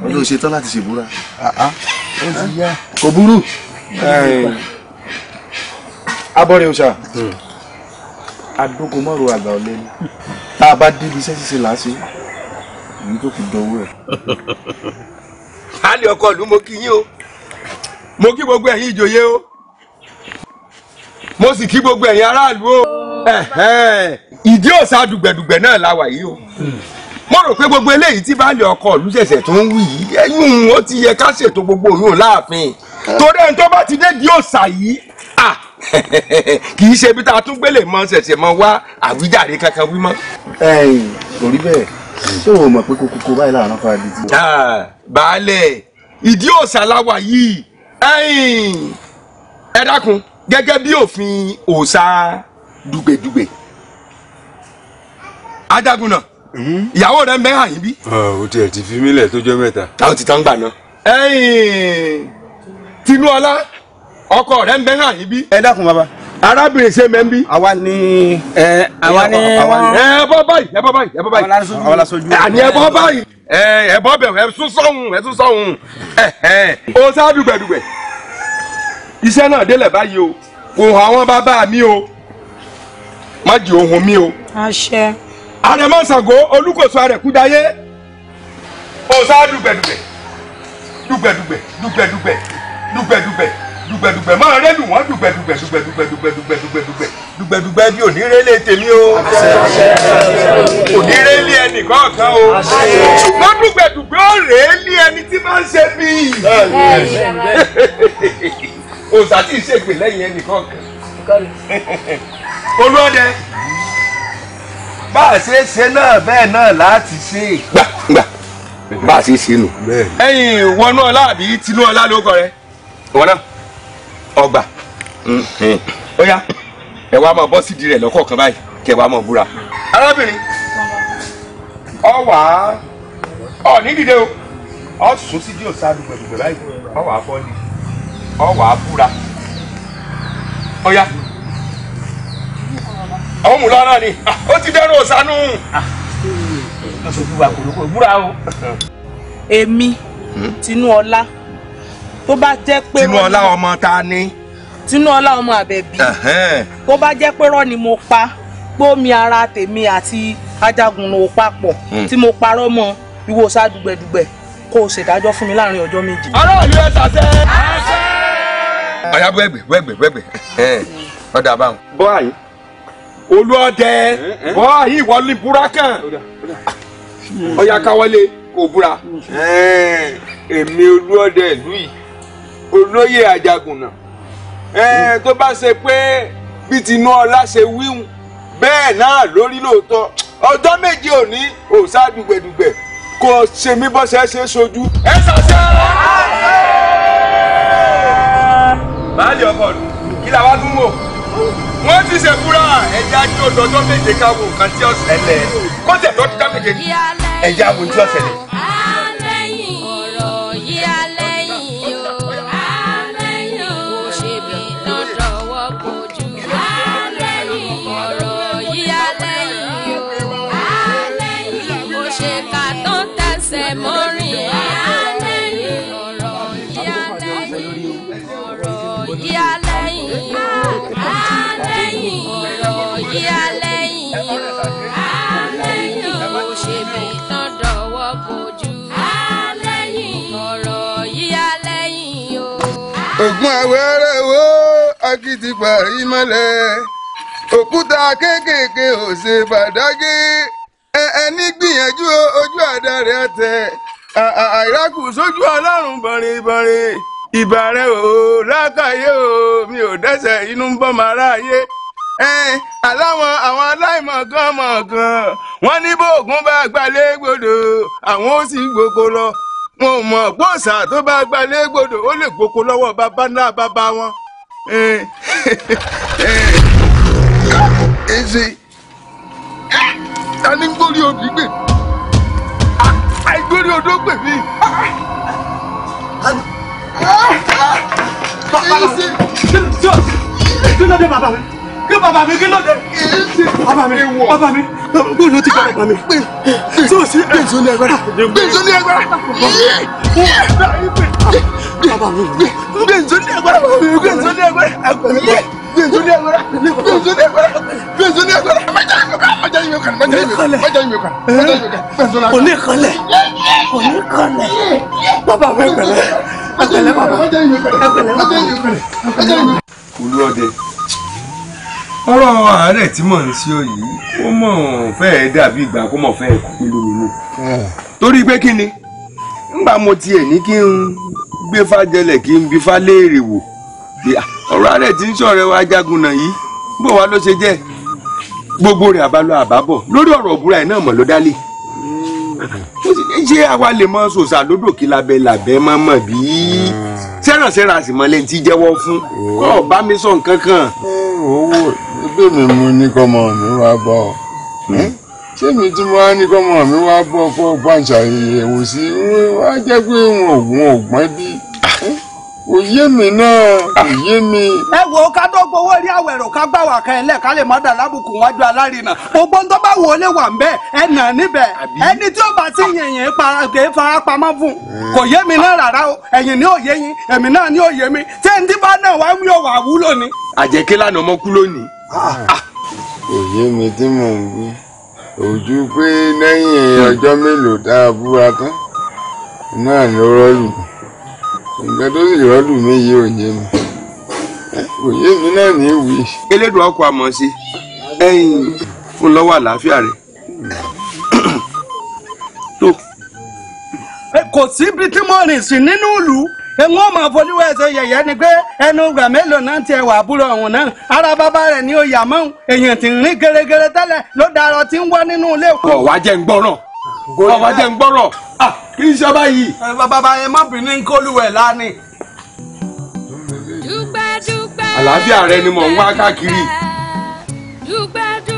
wọn ló ṣe tán láti ṣèbúra. Ah, ah. kò burú abọ́rẹ́ òṣà hmm. adógomọ́rò àgbà ọ̀lẹ́ ni tá a bá débi iṣẹ́ ṣíṣe làásì èyí tó kù dánwó ẹ̀. alẹ́ ọkọ ìlú mo kí yín o mo kí gbogbo ẹ̀yin ìjòyè o mo sì kí gbogbo ẹ̀yin aráàlú o hmm. ìdí òsà dùgbẹ̀dùgbẹ̀ náà la wà yìí o. Mm mo rò pé gbogbo eléyìí tí baálé ọkọ ìlú ṣẹ̀ṣẹ̀ tó ń wí yìí ẹ̀yìn ó ti yẹ ká ṣètò gbogbo òun láàfin torí ẹni tó bá ti dé di òòṣà yìí kì í ṣe ibi tá a tún gbélé mọ ṣẹ̀ṣẹ̀ mọ wá àwíjàre kankan wí mọ́. ẹ̀yin kò rí bẹ́ẹ̀ ṣé o mọ̀ pé kókókó báyìí láàrín fara di tiwọn. baálẹ̀ ìdí òòṣà la wà yìí ẹ̀yin ẹ dákun gẹ́gẹ́ bí òfin òòṣà dùgbèdùgbè adágún náà ìyàwó rẹ mẹ́hà yín bí. o tiẹ̀ ti fi mílẹ̀ tó jẹ́ mẹ́ta. táwọn ti tán gbà náà. tinúọlá ọkọ rẹ mẹ́hà yín bí. ẹ dákun bàbá arábìnrin ṣe mẹ́ ń bí. àwa ni ẹ àwa ni ẹ bọ́ báyìí ẹ bọ́ báyìí ẹ bọ́ báyìí. àwa la sojú àní ẹ bọ́ báyìí ẹ bọ́ bẹ̀ ẹ sún sọ́hun ẹ sún sọ́hun. o sá dùgbẹ̀dùgbẹ̀ iṣẹ́ náà délẹ̀ báyìí o kò hàn àwọn bàbá mi o má jẹ́ ohun mi o. àṣẹ àrẹ̀mọ́sàgó olúkòso àrẹ̀kúdayé òòṣà dùgbẹ̀dùgbẹ̀ dùgbẹ̀dùgbẹ̀ dùgbẹ̀dùgbẹ̀ dùgbẹ̀dùgbẹ̀ dùgbẹ̀dùgbẹ̀ máa rẹ́dùn wọ́n dùgbẹ̀dùgbẹ̀ dùgbẹ̀dùgbẹ̀ dùgbẹ̀dùgbẹ̀ dùgbẹ̀dùgbẹ̀ dùgbẹ̀dùgbẹ̀ ni onírélé tèmi o onírélé ẹnì kọ̀ọ̀kan o ṣùgbọ́n dùgbẹ̀dùgbẹ̀ ó rèé lé ẹni tí máa ń ṣe bíi òòṣà tí ì ṣègbè lẹ́yìn ẹnì kọ̀ọ̀kan olóde bá a ṣe ṣe náà bẹ́ẹ̀ náà láti ṣe. gbà gbà bá a ṣe ṣe nù. ẹyin wọnú ọlá àbí tinú ọlá ló kọ rẹ. ìwọ náà ọgbà hmm. Hmm. ó yá ẹ wá máa bọ́ sídìí rẹ̀ lọ́kọ̀ọ̀kan báyìí kẹ wá máa búra. arábìnrin ọ wà ọ ní dìde o ọ sùn sí díò sáà dùgbẹ̀dùgbẹ̀ báyìí ọ wà á bọ́ ni ọ wà á búra ó yá àwọn mùlá náà ni ó ti dẹ́rù ọ̀sánú. òṣùwà ah. kòlókò búra o. èmi hmm? tinúọlá tó bá jẹ́ pé. tinúọlá ọmọ ta ni. tinúọlá ọmọ àbẹ̀bí tó bá jẹ́ pé rọ́ ni mo pa gbómi ara tèmi àti ajagun ló papọ̀ hmm. tí mo parọ́ mọ́ ìwòsàn dùgbẹ̀dùgbẹ̀ kó o ṣèdájọ́ fún mi láàrin ọjọ́ méjì. aráàlú ẹ ṣàṣẹ. àṣẹ. ọ̀yá wẹ́gbẹ̀ wẹ́gbẹ̀ wẹ́gbẹ̀ ọ̀dà báwọn. bọ́ àyè olóòdẹ wọ́n àyè ìwọlé burakan ọ̀yà káwọlé kò búra. Eh, èmi olóòdẹ ìlú yìí olóyè àjàgùnà eh, tó bá ṣe pé bí tinú ọlá ṣe wíhun bẹ́ẹ̀ náà lórí lóòótọ́ ọjọ́ méje òní òòsà dùgbẹ̀dùgbẹ̀ kò ṣe mí bọ́ ṣe ṣe sojú. ẹ sọ sí ọ. báyọ̀ ọkọ̀ kí la wá tún wò wọ́n ti ṣe fúra ẹja ní ọdọọdọ méje káwọ nǹkan tí ọ̀sẹ̀ lẹ̀ kọ́tẹ̀ tó ti dá méje ẹja wo ní ọ̀sẹ̀ lẹ̀. ọmọ àwẹ̀rẹ̀ wo akitipa ìmọ̀lẹ̀ òkúta kéékèèké ò ṣe bàdágé ẹni gbìyànjú ojú àdá rẹ̀ tẹ̀ àìrákù sójú ọlọ́run bọ̀rìnbọ̀rìn ìbà rẹ̀ ò lákàyè o mi ò dẹ́ṣẹ̀ inú ń bọ́ màá ráàyè aláwọn àwọn aláìmọ̀kan mọ̀kan wọ́n ní bóògùn bá gbalẹ̀ gbòdò àwọn ó sì gboko lọ wọn ò mọ̀ pọ́sà tó bá gbalẹ̀ gbòdò ó lè gboko lọ́wọ́ bàbá náà bàbá wọn. èzè eh, ta ni gbórí obì gbè àìgbórí ah, odó gbè mí. èzè. kí ló dé bàbá mi kí bàbá mi kí ló dé. bàbá mi bàbá mi bóun ló ti gbà bàbá mi. tí o sí gbèsò ní ní agbára. bàbá mi gbèsò ní agbára bàbá mi gbèsò ní ní agbára gbèsò ní agbára ní agbára. májà yín mi ní kanlẹ̀ kò ní ọ̀rọ̀ àárẹ̀ tí mò ń ṣe yìí ó mọ̀ fẹ́ẹ́ dàbí ìgbà kó mọ̀ fẹ́ẹ́ kú lóminú. torí pé kí ni ńgbà mo tiẹ̀ ní kí n gbé fájẹlẹ̀ kí n bí fáléèrè wò ah, ọ̀rọ̀ àárẹ̀ tí ń sọ̀rọ̀ wa jagun náà yìí bó wa ló ṣe jẹ́ gbogbo rẹ̀ àbálọ àbábọ̀ lórí ọ̀rọ̀ òbúra ẹ̀ náà mọ̀ ló dálé ṣé àwa lè mọ sòsà lódò kí labẹ́ labẹ́ mọ́ mọ̀ bíi sẹ́ràn sẹ́ràn àsìmọ́lé ti jẹ́wọ́ fún kọ́ ọ bá mi sọ nǹkan kan. owó ẹgbẹ́ mi mú ní kọ́mọ mi wá bọ̀ ṣé mi tí wọ́n á ní kọ́mọ mi wá bọ̀ fọ́ pàǹṣà ìyẹ̀wò sí wọ́n á jẹ́ pé wọn ò gbọ́n bí. òye mi náà òye mi. ẹ wo ká tó gbowó rí àwẹ̀rò ká gbà wà kan ẹlẹ́ ká lè má dà lábùkù wájú alárinà gbogbo tó bá wò ó lè ẹ nà níbẹ ẹni tí ó bá ti para fara fún un kò yé mi náà rárá o ní òye yín náà ní òye mi tí náà wá wúlò ni. àjẹkí kú lónìí. Ah, ah. mi tí mò ń wí ojú pé lẹ́yìn ọjọ́ mélòó nǹkan tó sì rọ́ọ̀lù mi yìí ò mi kò mi náà ní ìwì. elédùn ọkọ àmọ sí ẹ̀yin fún lọ́wọ́ àlàáfíà rẹ kò sí bíi mọ́rin sí nínú ìlú ẹ̀wọ̀n ọmọ àfọlíwọ̀ ẹ̀sẹ̀ yẹ̀yẹ́ ni pé ẹnu ìgbà mélòó náà tiẹ̀ wà àbúrò ọ̀hún náà ara bàbá rẹ̀ ni ó yà èèyàn ti rìn gẹ́rẹ́gẹ́rẹ́ tẹ́lẹ̀ ló darọ̀ tí ń wá nínú ilé. ọ̀wá jẹ́ ń gbọ́rọ̀ ọ̀wá jẹ́ ń gbọ́rọ̀ kí n ṣe báyìí. bàbá yẹn má bínú ń kólúwẹ̀ lánìí. àlàáfíà rẹ ni mò ń wá káàkiri. dúpẹ́ dúpẹ́.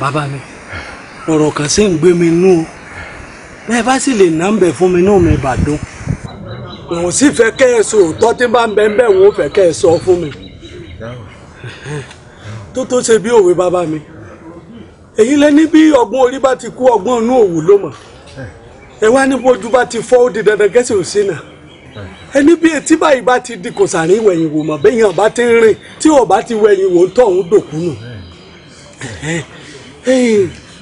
bàbá mi ọ̀rọ̀ kan ṣe ń gbé mi nú o bẹ́ẹ̀ bá sì lè ná ń bẹ̀ fún mi náà mi bàdún. òun sì fẹ́ kẹ́ ẹ sọ òótọ́ tí bá ń bẹ ń bẹ̀ òun fẹ́ kẹ́ ẹ sọ fún mi. tó tó ṣe bí òwe bàbá mi èyí lẹ ní bí ọgbọ́n orí bá ti kú ọgbọ́n inú òwú ló mọ̀ ẹ wá ní bójú bá ti fọ́ ó di dandan gẹ́sì ò sí náà ẹni bí etí báyìí bá ti di kò sàárín wẹ̀yìn wò mọ̀ bẹ́ẹ̀ yàn bá ti ń rìn tí ò bá ti wẹ̀yìn wò ń tọ̀ ń dòkú nù.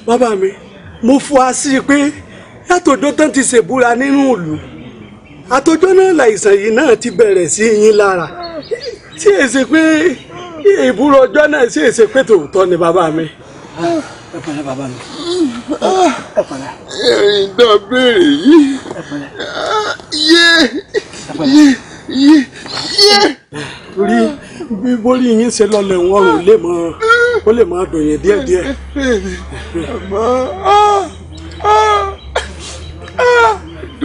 bàbá mi mo fura sí i pé látòjọ́ tán ti ṣèbúra nínú ìlú àtòjọ́ náà làìsàn yìí náà ti bẹ̀rẹ̀ sí yín lára tí è ṣe pé ìbúra ọjọ́ náà sì è pé tòótọ́ ni bàbá mi. ẹ pẹ̀lẹ́ bàbá mi ah, ẹ pẹ̀lẹ́. ẹ̀rín dán béèrè yìí ah, yé rí bí bórí yín ṣe lọ lẹ́wọ̀n ò lè mọ ó lè máa dùn yín díẹ̀díẹ̀.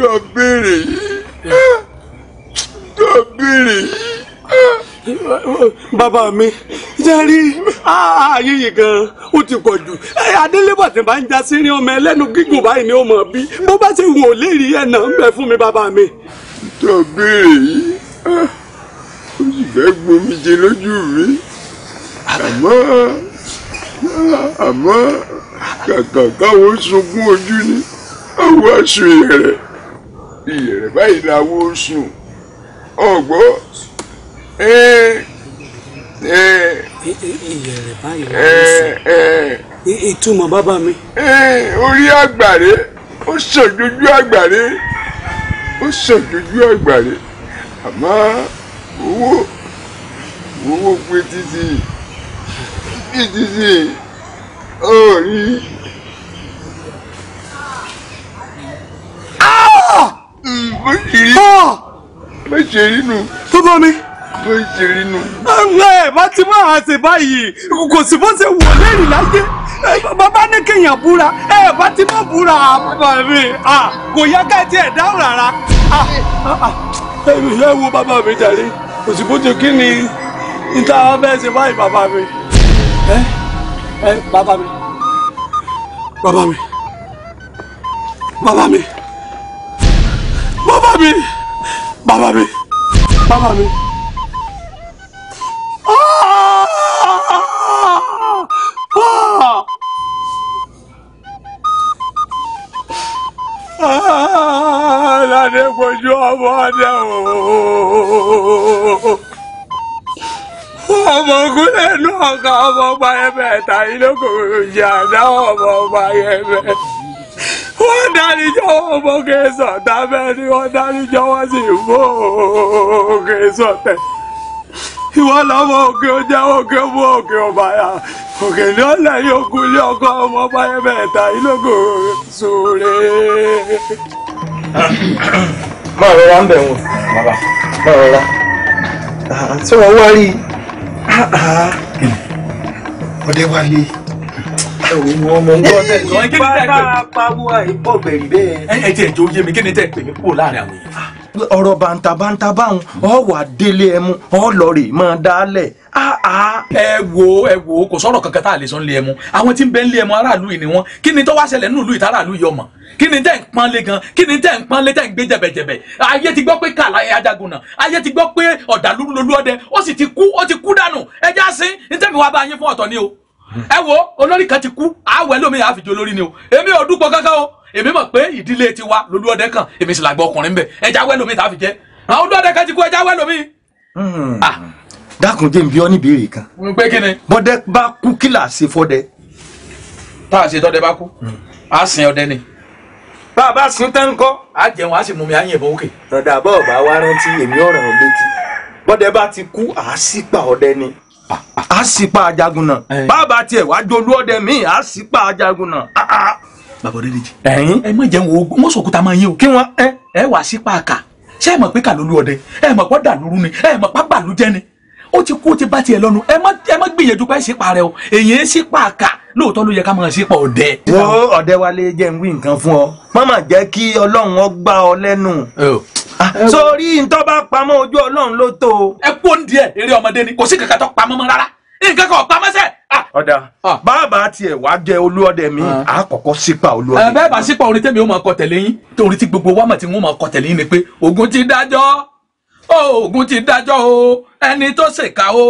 dọ̀bìrì dọ̀bìrì. bàbá mi jẹ́ rí ààyè yìí gan-an ó ti pọ̀ jù adélébọ̀ tí bá ń já sí rí ọmọ ẹlẹ́nu gígùn báyìí ni ó mọ̀ bí bó bá ṣe wù lè rí ẹ̀ náà ń bẹ fún mi bàbá mi tó béèrè yìí ah, ó sì fẹ́ gbomi jẹ lójú mi àmọ́ àmọ́ kàkà káwọn sunkún ojú ni àwọn aṣọ ìyẹ̀rẹ̀ ìyẹ̀rẹ̀ báyìí làwọn sùn ọ̀gbọ́ ẹ ẹ ìyẹ̀rẹ̀ báyìí làwọn sùn ìtumọ̀ bàbá mi. orí àgbàre ó sàn dojú àgbàre ó ṣèjọjú àgbà rẹ̀ àmọ́ owó owó pé títí títí ó rí. bó ṣe rí bó ṣe rí nù. tó bá mi bó ṣe rí nu. ẹ bá ti máa ṣe báyìí kò sí bó ṣe wò lẹ́rìí láyé bàbá ní kéèyàn búra ẹ bá ti máa búra bàbá mi kò yá ká tiẹ̀ dáhùn rárá. ẹ wo bàbá mi jàre kò sí bó ṣe kí ni níta bẹ́ẹ̀ ṣe báyìí bàbá mi. ẹ ẹ bàbá mi bàbá mi bàbá mi bàbá mi bàbá mi bàbá mi. Aládé kojú ọmọ Ọmọ ògúnlẹ̀ inú ọ̀gá ọmọ ilé kò yà dá ọmọ ọba ẹ̀bẹ̀. Wọ́n dáríjọ́ ọmọ kẹsàn-án tábẹ́ ni wọ́n dáríjọ́ wọ́n sì mú òkè sọ̀tẹ̀ ìwọ lọ́mọ òkè ó jẹ́ òkè mú òkè ọba yà òkè ní ọ̀lẹ́ yóò kú ilé ọkọ ọmọ báyẹn bẹ́ẹ̀ ta ìlógo sóore. máa rọra ń bẹ̀ wọ̀n bàbá máa rọra tí wọ́n wá rí i. ọdẹ wá Ẹ jẹ́ ìjọ oyé mi kí ni tẹ̀ pè mí kúrò láàrin àwọn èèyàn ọ̀rọ̀ bàǹtàbàǹtà báwọn ọ̀wà délé ẹmu ọ̀lọ́rẹ̀ máa dálẹ̀ ẹ wo ẹ wo kò sọ̀rọ̀ kankan tá a lè sọ nílé ẹmu àwọn tí ń bẹ nílé ẹmu aráàlú yìí ni wọ́n kí ni tó wá ṣẹlẹ̀ nínú ìlú ìtara ìlú yìí ọmọ kí ni tẹ́ ń pọ́n lé gan kí ni tẹ́ ń pọ́n lé tẹ́ ń gbé jẹ̀bẹ̀jẹ̀bẹ̀ ayé ti gbọ́ pé kàlà ajagun náà ayé ti gbọ́ pé ọ̀dàlúrú lolú ọdẹ ó sì ti kú ó ti kú dànù ẹ já sí ní tẹ́mi wá bá yín fún ọ̀tọ̀ ni o ẹ wo olórí kan ti kú àwẹ̀ lómi àfijọ́ olórí ni o èmi ò dúpọ̀ kankan o èmi mọ̀ pé ìdílé tiwa lolúọdẹ kan èmi sì làgbọ́ ọkùnrin bẹ̀ ẹja wẹ́ lómi tàbí jẹ́ àwọn olúọdẹ kan ti kú ẹja wẹ́ lómi. Hmm. Ah. dákun jẹ́ nbí ọ níbèrè kan. pé kí ni. bọ́dẹ bá kú kí là á ṣe fọ́dẹ. tá a ṣe tọ́dẹ bá kú hmm. a sin ọdẹ ni. bá a bá sin tán kọ́. a jẹun a sì mú mi a yìnbọn òkè. ọ̀dà bọ́ọ̀ bá wa rántí èmi ọ̀ràn létí bọ́dẹ bá ti kú à á sì pa ọdẹ ni a ah, ah. sì pa ajagun náà bàbá eh. tiẹ̀ wá jolú ọdẹ míì a sì pa ajagun náà bàbá Ọdẹ́dèjì. ẹyin ẹ má jẹun ogun wọn sòkúta máa yín o. kí wọn ẹ ẹ wá sí pààkà ṣé ẹ mọ̀ pé kàlólu ọdẹ ẹ mọ̀ pọ́ dàlúrú ni ẹ mọ̀ pápá ló jẹ́ ni ó ti kú ó ti bá tiẹ̀ lọ́nu ẹ má ẹ má gbìyànjú pé sípa rẹ o èyí ń sípa lóòótọ́ ló yẹ ká máa sípa ọ̀dẹ. wo ọ̀dẹ wálé jẹ́ ń wí nǹkan fún ọ mọ́mọ́ jẹ́ kí ọlọ́run ọ gbá ọ lẹ́nu ah, sórí ntọ́ bá pamọ́ ojú ọlọ́run ló tó. ẹ kú òǹdí ẹ eré ọmọdé ni kò sí kankan tó pamọ́ mọ́ rárá nǹkan kan ò pamọ́ sẹ́ẹ̀ Ah, ọ̀dà ah. bàbá tiẹ̀ wá jẹ olúọdẹ mi à ah. kọ́kọ́ sípa olúọdẹ. Eh, bẹ́ẹ̀ bá sípa orin tẹ́mi ó máa kọ tẹ̀lé yín torí tí gbogbo wàmọ̀ tí wọ́n máa kọ tẹ̀lé yín ni pé ogun ti dájọ́ oh, ogun ti dájọ́ o ẹni tó ṣèkà o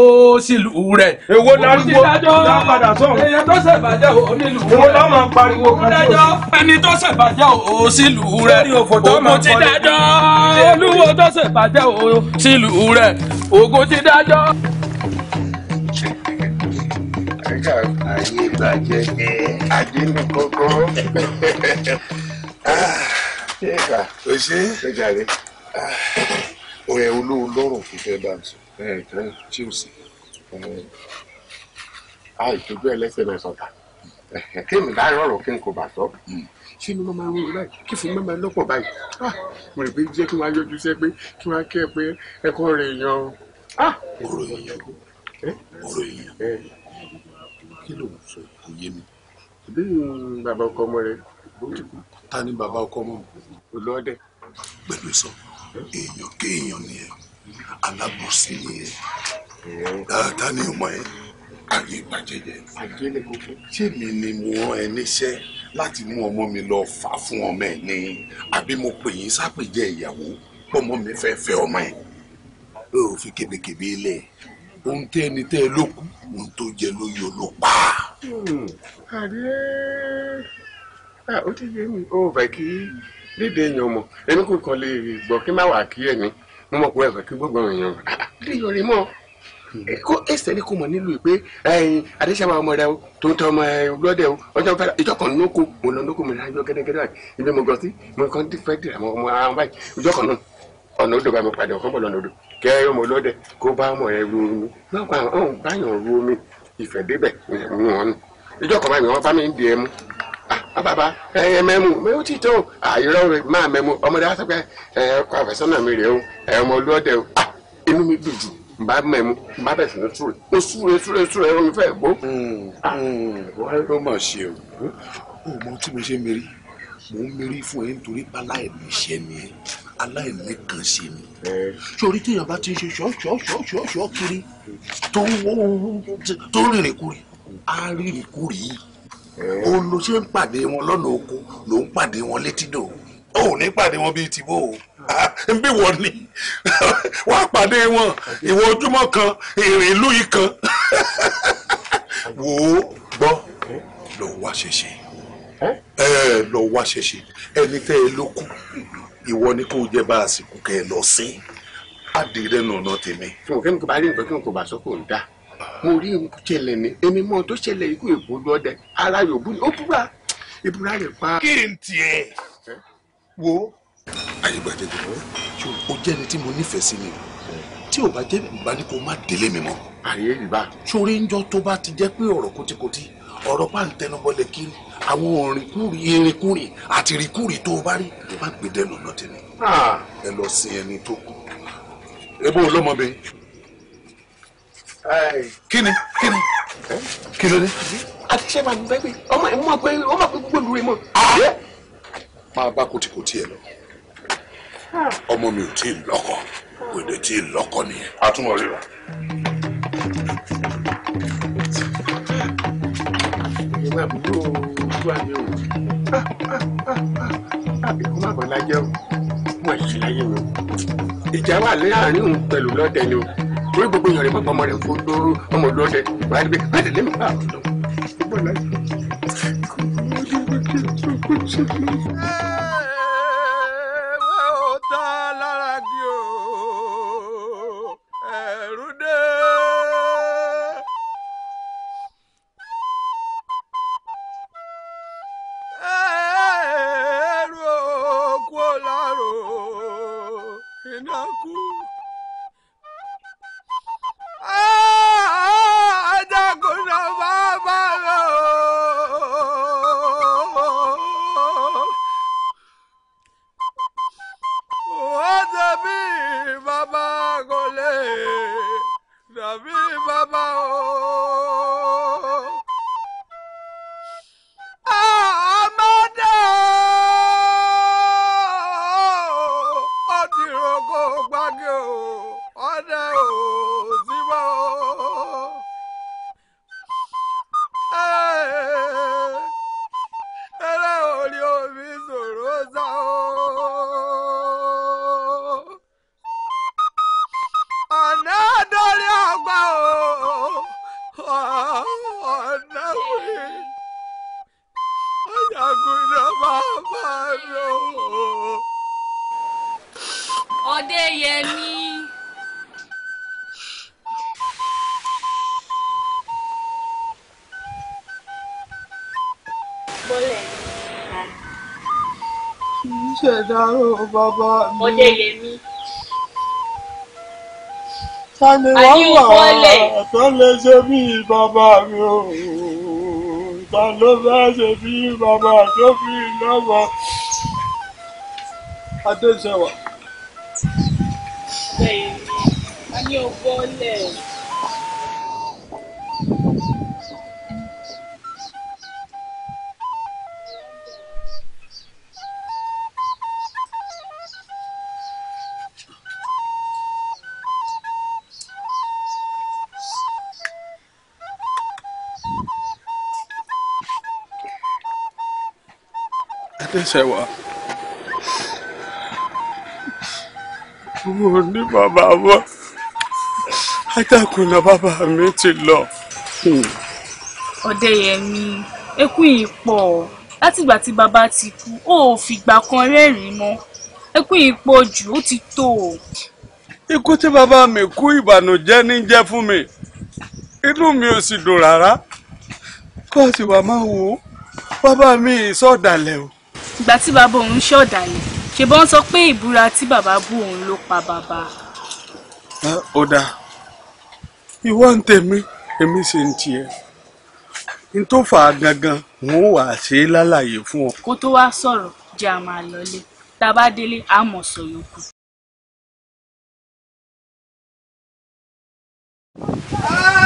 sílùú rẹ̀. èwo la ń gbọ́ la padà sọ. èyàn tó ṣèbàjẹ́ o nílùú rẹ̀. èwo la máa pariwo kan tó. dájọ́ ẹni tó ṣèbàjẹ́ o sílùú rẹ̀. ogun ti dájọ́ olúwo tó ṣèbàjẹ́ o sílùú rẹ̀. ogun ti dájọ́ dọ́kítà ayé ìbàjẹ́ ní adínúkọ́kọ́ ah, ṣéèkà o ṣe ṣéèkà ah, rẹ ọ̀rẹ́ olówó lọ́rọ̀ kò fẹ́ bá mi sọ tí o sì àìtójú ẹlẹ́sẹ̀ náà sọ̀tà kí n bá rọrùn kí n kò bá sọ hmm. ṣé ni wọ́n máa ń wúwo báyìí kí fún mẹ́mẹ́ lọ́pọ̀ báyìí ah, mo rò pé jẹ́ kí wọ́n á yọjú sẹ́ pé kí wọ́n á kẹ́ ẹ pé ẹ̀kọ́ rẹ̀ yan ọ̀rọ̀ èèyàn ọ̀rọ̀ èèyàn kí ló ń sọ kò yé mi. ìbí bàbá ọkọ ọmọ rẹ ó ti kú. ta ni bàbá ọkọ ọmọ mi. olóòdẹ. pẹ̀lú sọ èèyàn kéèyàn ni ẹ alábòsí ni ẹ dáadáa ni ìmọ̀ ẹ ayé ìbàjẹ́ jẹ. kókó. ṣé mi ni mo ẹ níṣẹ́ láti mú ọmọ mi lọ fà fún ọmọ ẹ ni àbí mo pè yín sápèjẹ ìyàwó pọ́nmọ́ mi fẹ́ fẹ́ ọmọ ẹ. o fi kébékébé lẹ̀ ohun tẹ́ ẹni tẹ́ ẹ ló kú ohun tó jẹ ló yọ ló pa. Hmm. àdé ó ti yé mi ó fẹ́ kí léde èèyàn mọ̀ èmi kò kàn lè gbọ́ kí má wà kí ẹ̀ mo mọ̀ pé ẹ̀sọ́ kí gbọ́gbọ́n èèyàn ah, lè yọrí mọ́ kó ẹsẹ̀ ni kò mọ̀ nílùú pé adéṣàmà ọmọ rẹ o tó ń tẹ ọmọ ẹ lọ́dẹ o ọjọ́ fẹ́ ìjọ kan lóko mo lọ lóko mi rà yọ gẹ́gẹ́dẹ́ báyìí ibi mo gbọ́ sí mo kàn fẹ́ dìrà mọ́ ọmọ ara báyìí ìjọ náà ọ̀nà odò bá mi padà ọ̀kan bọ̀ lọ́nà odò kẹ́ ọmọ ọlọ́dẹ kó bá ọmọ yẹn ru omi máa bá ọ̀hún báyọ̀ ru omi ìfẹ́ débẹ̀ mú wọn nù ìjọ kan báyìí wọn bá mi ń di ẹmu ah, ah bàbá ẹ mẹ́mu mẹ́mu ti tó àìrọ́ ah, rẹ máa mẹ́mu ọmọdé wá sọ pé ẹ ọkọ àfẹ́sọ́nà mi rè o ẹ ọmọ ọlọ́dẹ o ah inú mi dùn jù bá mẹ́mu bá bẹ̀ sínú súre mo súre súre súre ẹ̀rọ mi fẹ́ gbó. Hmm, hmm, wọ́n ló mọ̀ ṣe o o mọ mo ṣe mérí mo ń mérí fún ẹ nítorí bá láì níṣẹ́ ni ẹ aláìlẹ́kànṣe ni sórí téèyàn bá ti ń ṣe ṣọ́ṣọ́ṣọ́ṣọ́ kiri tó ń rìnrìn kúrì á rìnrìn kúrì yìí òun ló ṣe ń pàdé wọn lọ́nà oko ló ń pàdé wọn létídò ó ní pàdé wọn bíi tìbó o bí wọ́n ní wọ́n á pàdé wọn ìwọ ojúmọ́ kan ìrìn ìlú yìí kan wò ó gbọ́ lọ wá ṣẹṣẹ ẹ lọ wá ṣẹṣẹ ẹni tẹ́ ẹ ló ìwọ ni kò jẹ́ bá àsìkò kẹ́ ẹ lọ sí àdìrẹ́ nànà tèmi. fún òkè mi bá rí nǹkan kí n bá sọ ń dà mo rí ikú ṣẹlẹ̀ ní èmi mọ́ tó ṣẹlẹ̀ ikú èkó lọ́dẹ ara yòóbù ni ó búra ìbúra rẹ̀ pa. kí n tiẹ̀ wo. àyègbàjẹ́ tó o jẹ́ ẹni tí mo nífẹ̀ẹ́ sí ni tí o bá jẹ́ ìbánikó má délé mi mọ́. àyè ìbá. sórí ń jọ tó bá ti jẹ́ pé ọ̀rọ̀ kótíkótí ọ̀rọ̀ máa ń tẹnubọlẹ̀ kiri àwọn òrìnkúrì irinkúrì àti ìrìnkúrì tó o bá rí má gbé dẹnu lọ tẹ̀lé ah. ẹ lọ sin ẹni tó kù ebo olómọbìnrin kí ni kí ni eh? kí ló dé. àtiṣe máa gbẹ pé ọmọ ẹ mọ pé ó máa gbogbo ìlú rẹ mọ. Ah! máa bá kòtìkòtì ẹ lọ ah. ọmọ mi ò tí ì lọ́kọ kò dé tí ì lọ́kọ nìyẹn. a tún wọlé wa ìwé àbúrò ojú àyè o ikú má bọ̀ lájẹ́ o wọ́n ṣe láyé mi o ìjà wà láàrin òun pẹ̀lú lọ́dẹ ni o torí gbogbo èèyàn rẹ̀ pọ̀ ọmọ rẹ̀ fún lóró ọmọ lọ́dẹ wà á dé bẹ́ẹ̀ bẹ́ẹ̀ lẹ́nu bá ọ̀dọ́. gbọ́gbọ́ mi. ọdẹ yẹmi. sani wọ́n wà tó lè ṣe bí bàbá mi o ta ló fẹ́ ṣe bí bàbá tó fi lọ́wọ́. adéṣẹ́wà. bẹ́ẹ̀ ni a ní ọgbọ́n lẹ̀. ṣe wá. mo ní bàbá mọ́ adákùnà bàbá mi ti lọ. ọ̀dẹ̀yẹmí ẹkún yìí pọ̀ látìgbà tí bàbá ti kú ó ò fìgbà kan rẹ́rìn-ín mọ́ ẹkún yìí pọ̀ jù ó ti tó o. ikú tí bàbá mi kú ìbànújẹ́ ní jẹ́ fún mi inú mi ò sì dùn rárá kó o sì máa wò ó bàbá mi ìsọ̀dàlẹ̀ o ìgbà tí bàbá òun ṣọ̀dàlẹ̀ ṣùgbọ́n sọ pé ìbúra tí bàbá bú òun ló pa bàbá. ọ̀dà ìwọ ń tèmi èmi sì ń tiẹ̀ n tó fà á gangan n ó wà ṣe é lálàyé fún ọ. kó tó wá sọ̀rọ̀ jẹ́ a máa lọlé tá a bá délé a mọ̀ sọ yòókù. Ah!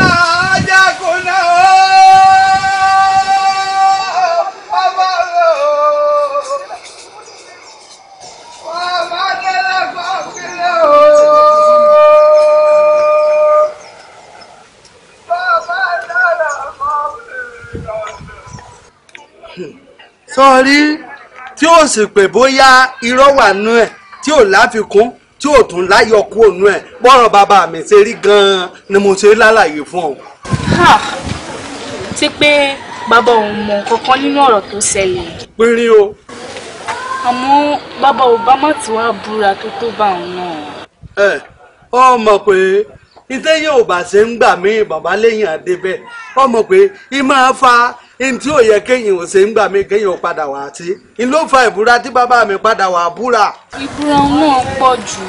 sọrí tí ó sì pé bóyá irọ́ wà nú ẹ̀ tí ò láfikún tí ò tún láyọ̀ kú ònú ẹ̀ bọ́rọ̀ bàbá mi ṣe rí gan-an ni mo ṣe lálàyé fún ọ. ti pé bàbá òun mọ kankan nínú ọ̀rọ̀ tó ṣẹlẹ̀. pínrín o. àmọ́ bàbá obama ti wá búra tó tó bá òun náà. ẹ ọ mọ̀ pé iṣẹ́ yóò bá ṣe ń gbà mí bàbá lẹ́yìn àdébẹ̀ ọ mọ̀ pé ì máa fa n tí ò yẹ kéèyàn ò ṣe ń gbà mí kéèyàn padà wá àti n ló fa ìbúra tí bàbá mi padà wá búra. ìbúra náà pọ̀ jù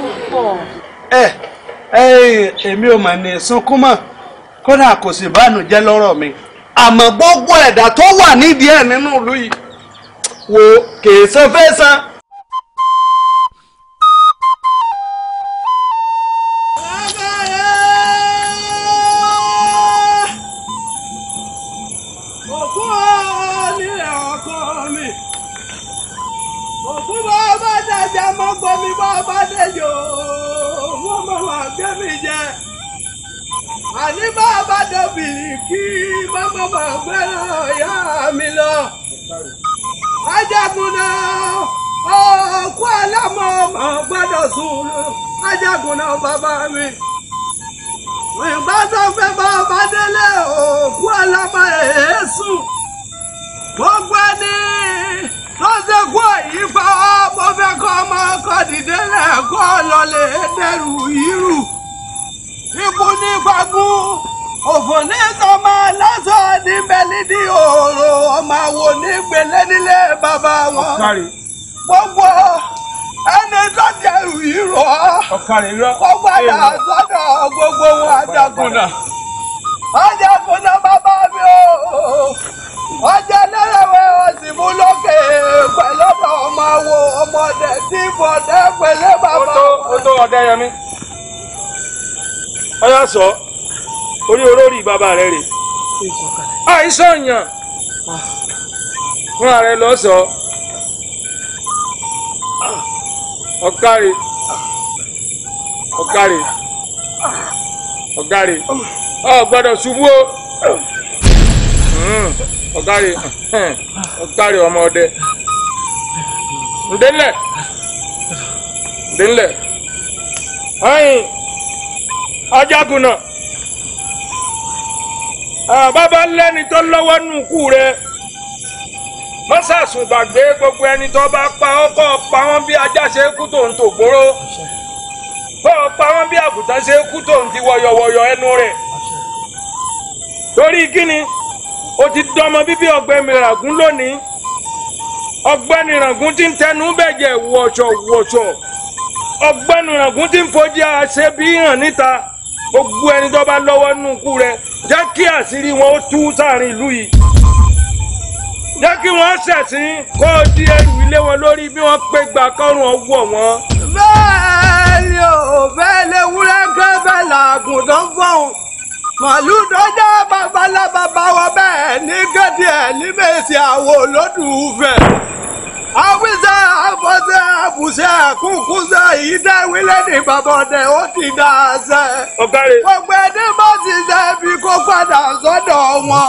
ó pọ̀. ẹ ẹ èmi ò mà ní sunkún mọ́ kódà kò sì bánújẹ́ lọ́rọ̀ mi àmọ́ gbogbo ẹ̀dá tó wà nídìí ẹ̀ nínú ìlú yìí wò kèé san fẹ́ san jẹ àní bá a bá dọ̀bì kí mọ́mọ́ máa gbẹ́ràn ìyá mi lọ. ajagun náà òkú alámọ̀ ọmọ gbọ́dọ̀ sùn ajagun náà bàbá mi. ìbá tó fẹ́ bá ọba délé òkú alámọ̀ èé sùn. gbogbo ẹni tó ṣe kú ìyípa ọmọ fẹ́ kọ́ ọmọ ọkọ̀ dìde lẹ́ẹ̀kọ́ lọ lè yírù. igbunigbagbu òfònísọmọ lásán níbẹ̀ nídìí òòrò ọmọ àwò nígbèlé nílé bàbá wọn gbogbo ẹni tó dẹrù yìí rọ gbogbo wọn àjàgùnà àjàgùnà bàbá mi o ọjà lẹ́rẹ̀wẹ̀ ọ̀sì lókè pẹ̀lú ọmọ àwò ọmọdé tí pẹ̀lú bàbá ọyá sọ orí olórí bàbá rẹ rè àìsàn yàn fúnra rẹ lọ sọ ọkàrè ọkàrè ọkàrè ọ gbọ́dọ̀ ṣubú o ọkàrè ọkàrè ọmọ ọdẹ ǹdẹ́nlẹ̀ ǹdẹ́nlẹ̀ ọyìn. ajagun náà àbábá lẹ́ni tó lọ́wọ́ nù rẹ mọ́sàsùn gbàgbé gbogbo ẹni tó bá pa ọ́ pa wọ́n bí ajá ṣe kú tó ń tò gbóró kọ́ pa wọ́n bí àgùntàn ṣe kú tó ń ti wọ̀yọ̀wọ̀yọ̀ ẹnu rẹ̀ torí kíni o ti dọmọ bíbí ọ̀gbẹ́ni ràgún lónìí ọ̀gbẹ́ni ràgún ti ń tẹnu bẹ̀jẹ̀ wọ̀ṣọ̀wọ̀ṣọ̀ ọ̀gbẹ́ni ràgún ti ń fojú àṣẹ bí hàn níta. gbogbo ẹni tó bá lọ́wọ́ nínú ikú rẹ jẹ́ kí àṣírí wọn ó tú sáàrin ìlú yìí jẹ́ kí wọ́n ṣẹ̀sìn kó o di ẹrù ilé wọn lórí bí wọ́n pé gbà kọ́rùn ọwọ́ wọn. bẹ́ẹ̀ ni ò bẹ́ẹ̀ lè wúrẹ́ gẹ́ bẹ́ẹ̀ làágùn fọ́hùn màálù tó jẹ́ babalábàbá wọn bẹ́ẹ̀ ní gẹ́dẹ́ ní mèsì àwọ̀ olódùúfẹ́. awíṣẹ́ àfọ́ṣẹ́ àfùṣẹ́ àkúkúṣẹ́ ìyíṣẹ́ wile ni ìbàbọ̀dẹ̀ ó ti dà á ṣẹ́. gbogbo ẹni ma ti ṣe ibi padà sọ́dọ̀ wọn.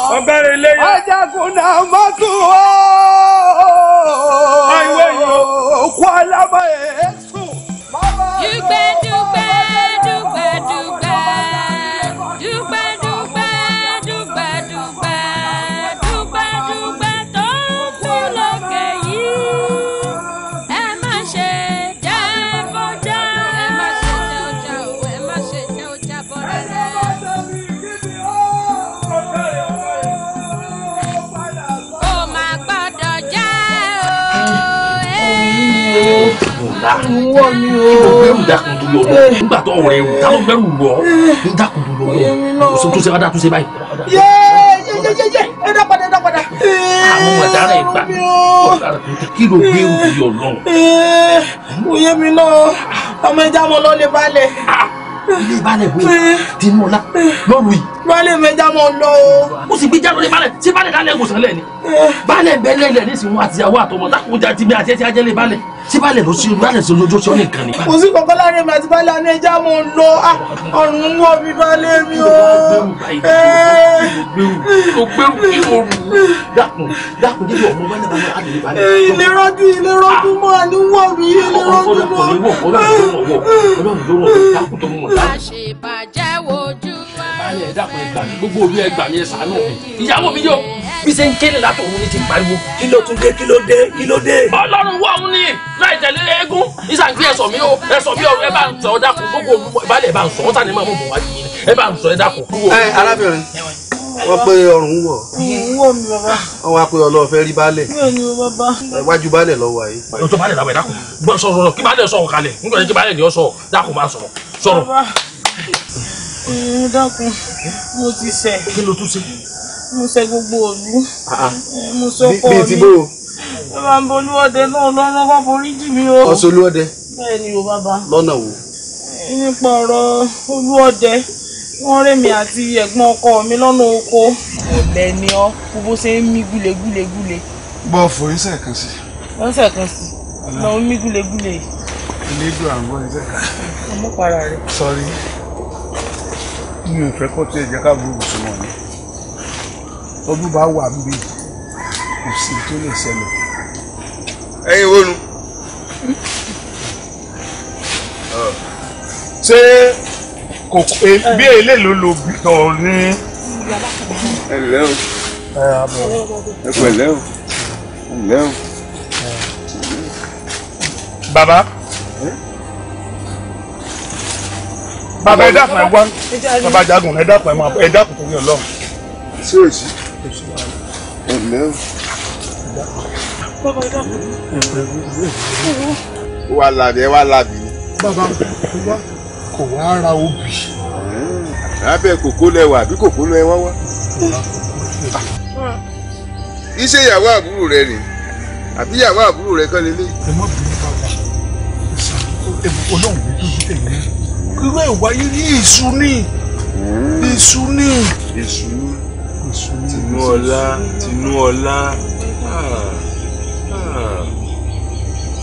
yìí dá. wọ́n mi o. kí ló bẹ̀rù dákun tó lọ lọ. Eh. nígbà tó ọ̀rẹ́ o ta ló bẹ̀rù lọ. ní dákun tó lọ lọ. o sọ tó ṣe wá dá tó ṣe báyìí. yé yé yé yé yé ẹ dá padà ẹ dá padà. àwọn ọ̀daràn ìgbà kí ló bẹ̀rù yọ lọ. kò eh, yé mi náà ọmọ ẹja mo lọ lè balẹ̀. Ah, lè balẹ̀ bóyá tinú ọlá lọ́rùú yìí lọ́lẹ̀ mẹ́ta mọ́ lọ o. ó sì gbé jáde ní balẹ̀ ṣé balẹ̀ dálẹ̀ ìwòsàn lẹ̀ ni. Eh. balẹ̀ bẹ́lẹ̀ lẹ̀ ní ìsìnkú àtìyàwó àtọmọ táwọn ọjà tìmí àti ẹtí ajẹ́lẹ̀ balẹ̀ ṣé balẹ̀ ló ṣe balẹ̀ ṣe lójó ṣe ọ́nì kan kò sí kọ̀kọ́ láàrin mi àti balẹ̀ àná ẹja mọ́ lọ ah, ọ̀run mọ́ mi balẹ̀ mi o. Eh. ìlérọ́dún eh, ìlérọ́dún mọ́ ni wọ́ mi ìlérọ́dún mọ́. láṣẹ bàjẹ́ wojú wa dákun ẹ gbà mí gbogbo òbí ẹ gbà mí ẹ ṣàánú mi ìyàwó mi yóò bí ṣe ń kéde látọ̀hún ní ti pariwo. kí ló tún dé kí ló dé kí ló dé. ọlọ́run wọ òun ni láì tẹ̀lé eégún ìsàǹkì ẹ̀sọ̀ mi o ẹ̀sọ̀ mi o ẹ bá ń sọ ẹ dákun gbogbo olùkọ́ ẹ bá ń sọ ọ́n sàn ní màmú wájú yìí ẹ bá ń sọ ẹ dákun. ẹ arábìnrin wọ́n pé ọrùn wọ̀. wọ́ mi bàbá. wọ́n wá pé ọlọ́ọ̀ fẹ́ rí baálẹ̀. bẹ́ẹ̀ni bàbá. iwájú baálẹ̀ lọ wà yìí. ọjọ́ baálẹ̀ làwọn ẹ̀ dákun gbọ́n sọ̀rọ̀ kí baálẹ̀ sọ̀rọ̀ kalẹ̀ nígbà tí baálẹ̀ ni ó sọ̀rọ̀ dákun máa sọ̀rọ̀ sọ̀rọ̀. Eh, dákun mo ti ṣẹ̀. kí ló tún ṣe. mo ṣẹ̀ gbogbo òlu. Ah, ah. Eh, mo sọ kọ́ mi. bíi ti bó o. bàbá ń bolú ọdẹ náà lọ́rùn kọ́ forí jì mí o. ọ̀sẹ̀ olú ọdẹ. bẹ́ẹ̀ ni o bàbá. lọ́nà wo. Eh, nípa ọ̀rọ̀ olú ọdẹ wọ́n rèmi àti ẹ̀gbọ́n ọkọ mi lọ́nà oko. ọ̀lẹ ni ọ gbogbo ṣe ń mí gúlegúlegúle. gbọ́ forí sẹ́ẹ̀kan sí. wọ́n sẹ́ẹ̀kan sí lọ́ọ́ mí gúlegúle. ilé ìdùn àwọn ẹ̀jẹ̀ kan. ọmọ para rẹ. sọrí mi ò fẹ́ kọ́ tí ẹ jẹ́ ká burú sí wọn ni ọdún bá wà ń bì kò sí tó lè ṣẹlẹ̀. ẹyin wo nu ṣé kò eh, bí èlé ló lo bìtọ̀ ní. ẹ o ẹ o ẹ lẹ́ o. bàbá bàbá ẹ dákun ẹ wá bàbá jagun ẹ dákun ẹ máa ẹ dákun torí Ọlọ́run. sí òsì ẹ lẹ́wọ̀. bàbá ẹ dákun. wà á làbí ẹ wà á làbí. bàbá kò wá kò wá ra obì. lábẹ́ kòkó lẹ́wà àbí kòkó lẹ́wọ́ wá. iṣẹ́ ìyàwó àbúrò rẹ rèé àbí ìyàwó àbúrò rẹ kọ́ lélẹ́yìí. ẹ má bínú bàbá olóhùn mi irú ẹ̀ wáyé ní ìṣú ní ìṣú ní. ìṣú tinú ọlá tinú ọlá